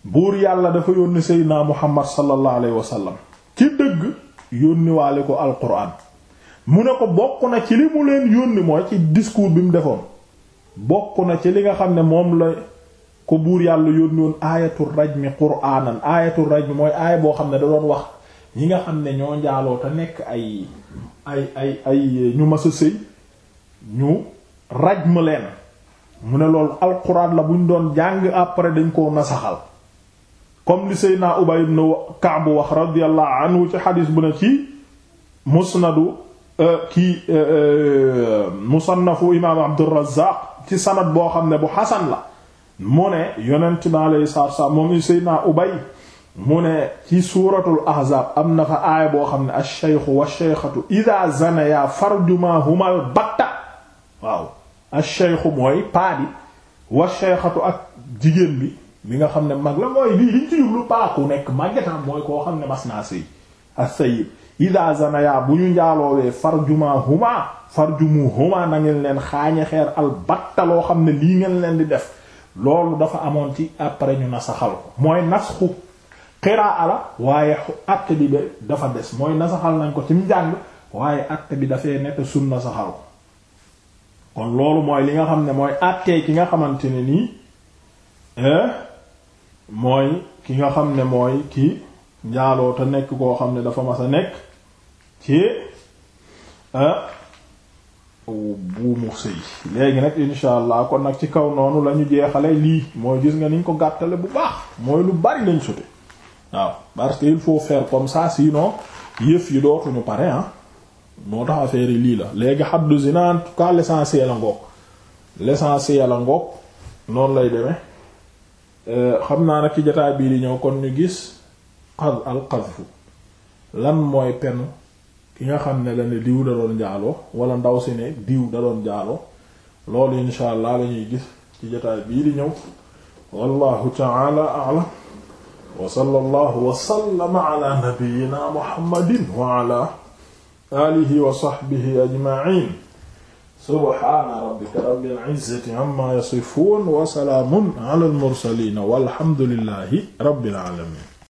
buur yàlla dafa yónni Seydina Muhammad sallallahu alayhi ci dëgg yónniwaale ko alxuraan mu ne ko bokk na ci li mu leen yónni mooy ci discours bi mu defoon bokk na ci li nga xam ne moom la ko buur yàlla yónni woon aayatul rajmi quraanan aayatul rajmi mooy aaya boo xam ne da doon wax ñi nga xam ne ñoo njaaloo te nekk ay ay ay ñu masa sëy ñu rajm leen mu ne loolu alxuraan la bu ñu doon jàng après dañ koo nasaxal comme li naa Ubay ibn Ka'b wax radiyallahu anhu ci xadiis bu na ci musnadu Euh, kii euh, euh, musannafu imaam Abdurrazzaq ci sanad boo xam ne bu xasan la mu ne yonent bi alayhi salaatu wa salaam moom Seydina Ubay mu ne ci suuratul am na fa aaya boo xam ne ash-shaykhu wash-shaykhatu idhaa zanayaa farjumaahuma al-batta waaw ash-shaykhu mooy paa bi wash-shaykhatu ak jigéen bi li nga xam ne mag la mooy lii liñ ci jublu paa ku nekk màggetam mooy koo xam ne mas naa sëy as-sayyib ida zanaya bu ñu far farjuma huma farjumu huma na ngeen leen xaañe xeer albatta loo xam ne lii ngeen leen di def loolu dafa amoon ci après ñu nasaxal ko mooy nasxu qiraa la waaye àtte bi dafa des mooy nasaxal nañ ko ci njàng waaye àtte bi dafay nekk sun nasaxal ko kon loolu mooy li nga xam ne mooy àttee ki nga xamante ne nii eh, mooy ki nga xam ne mooy ki njaaloo nekk koo xam ne dafa mas a nekk ci ah, buumu sëy léegi nag insha allah kon nag ci kaw noonu lañu jeexale lii mooy gis nga niñ ko gàttale bu baax mooy lu bari lañ sute waaw parce que il faut faire comme ça sinon yëf yi dootuñu pare ah. moo tax affaire yi lii la léegi haddu zina en tout cas l'essentiel a ngoog l'essentiel a lay demee euh, xam naa nag ci jotaay bii di ñëw kon ñu gis xas al xasfu lan mooy penu ki nga xam ne la ne diw da doon njaaloo wala ndaw si ne diw da doon njaaloo loolu insha allah la ñuy gis ci jotaay bii di ñëw wallahu ta'ala a'lam wa sallallahu wa sallama ala nabiyyina muhammadin wa ala alihi wa sahbihi ajma'in subhana rabbika rabbil izzati amma alamin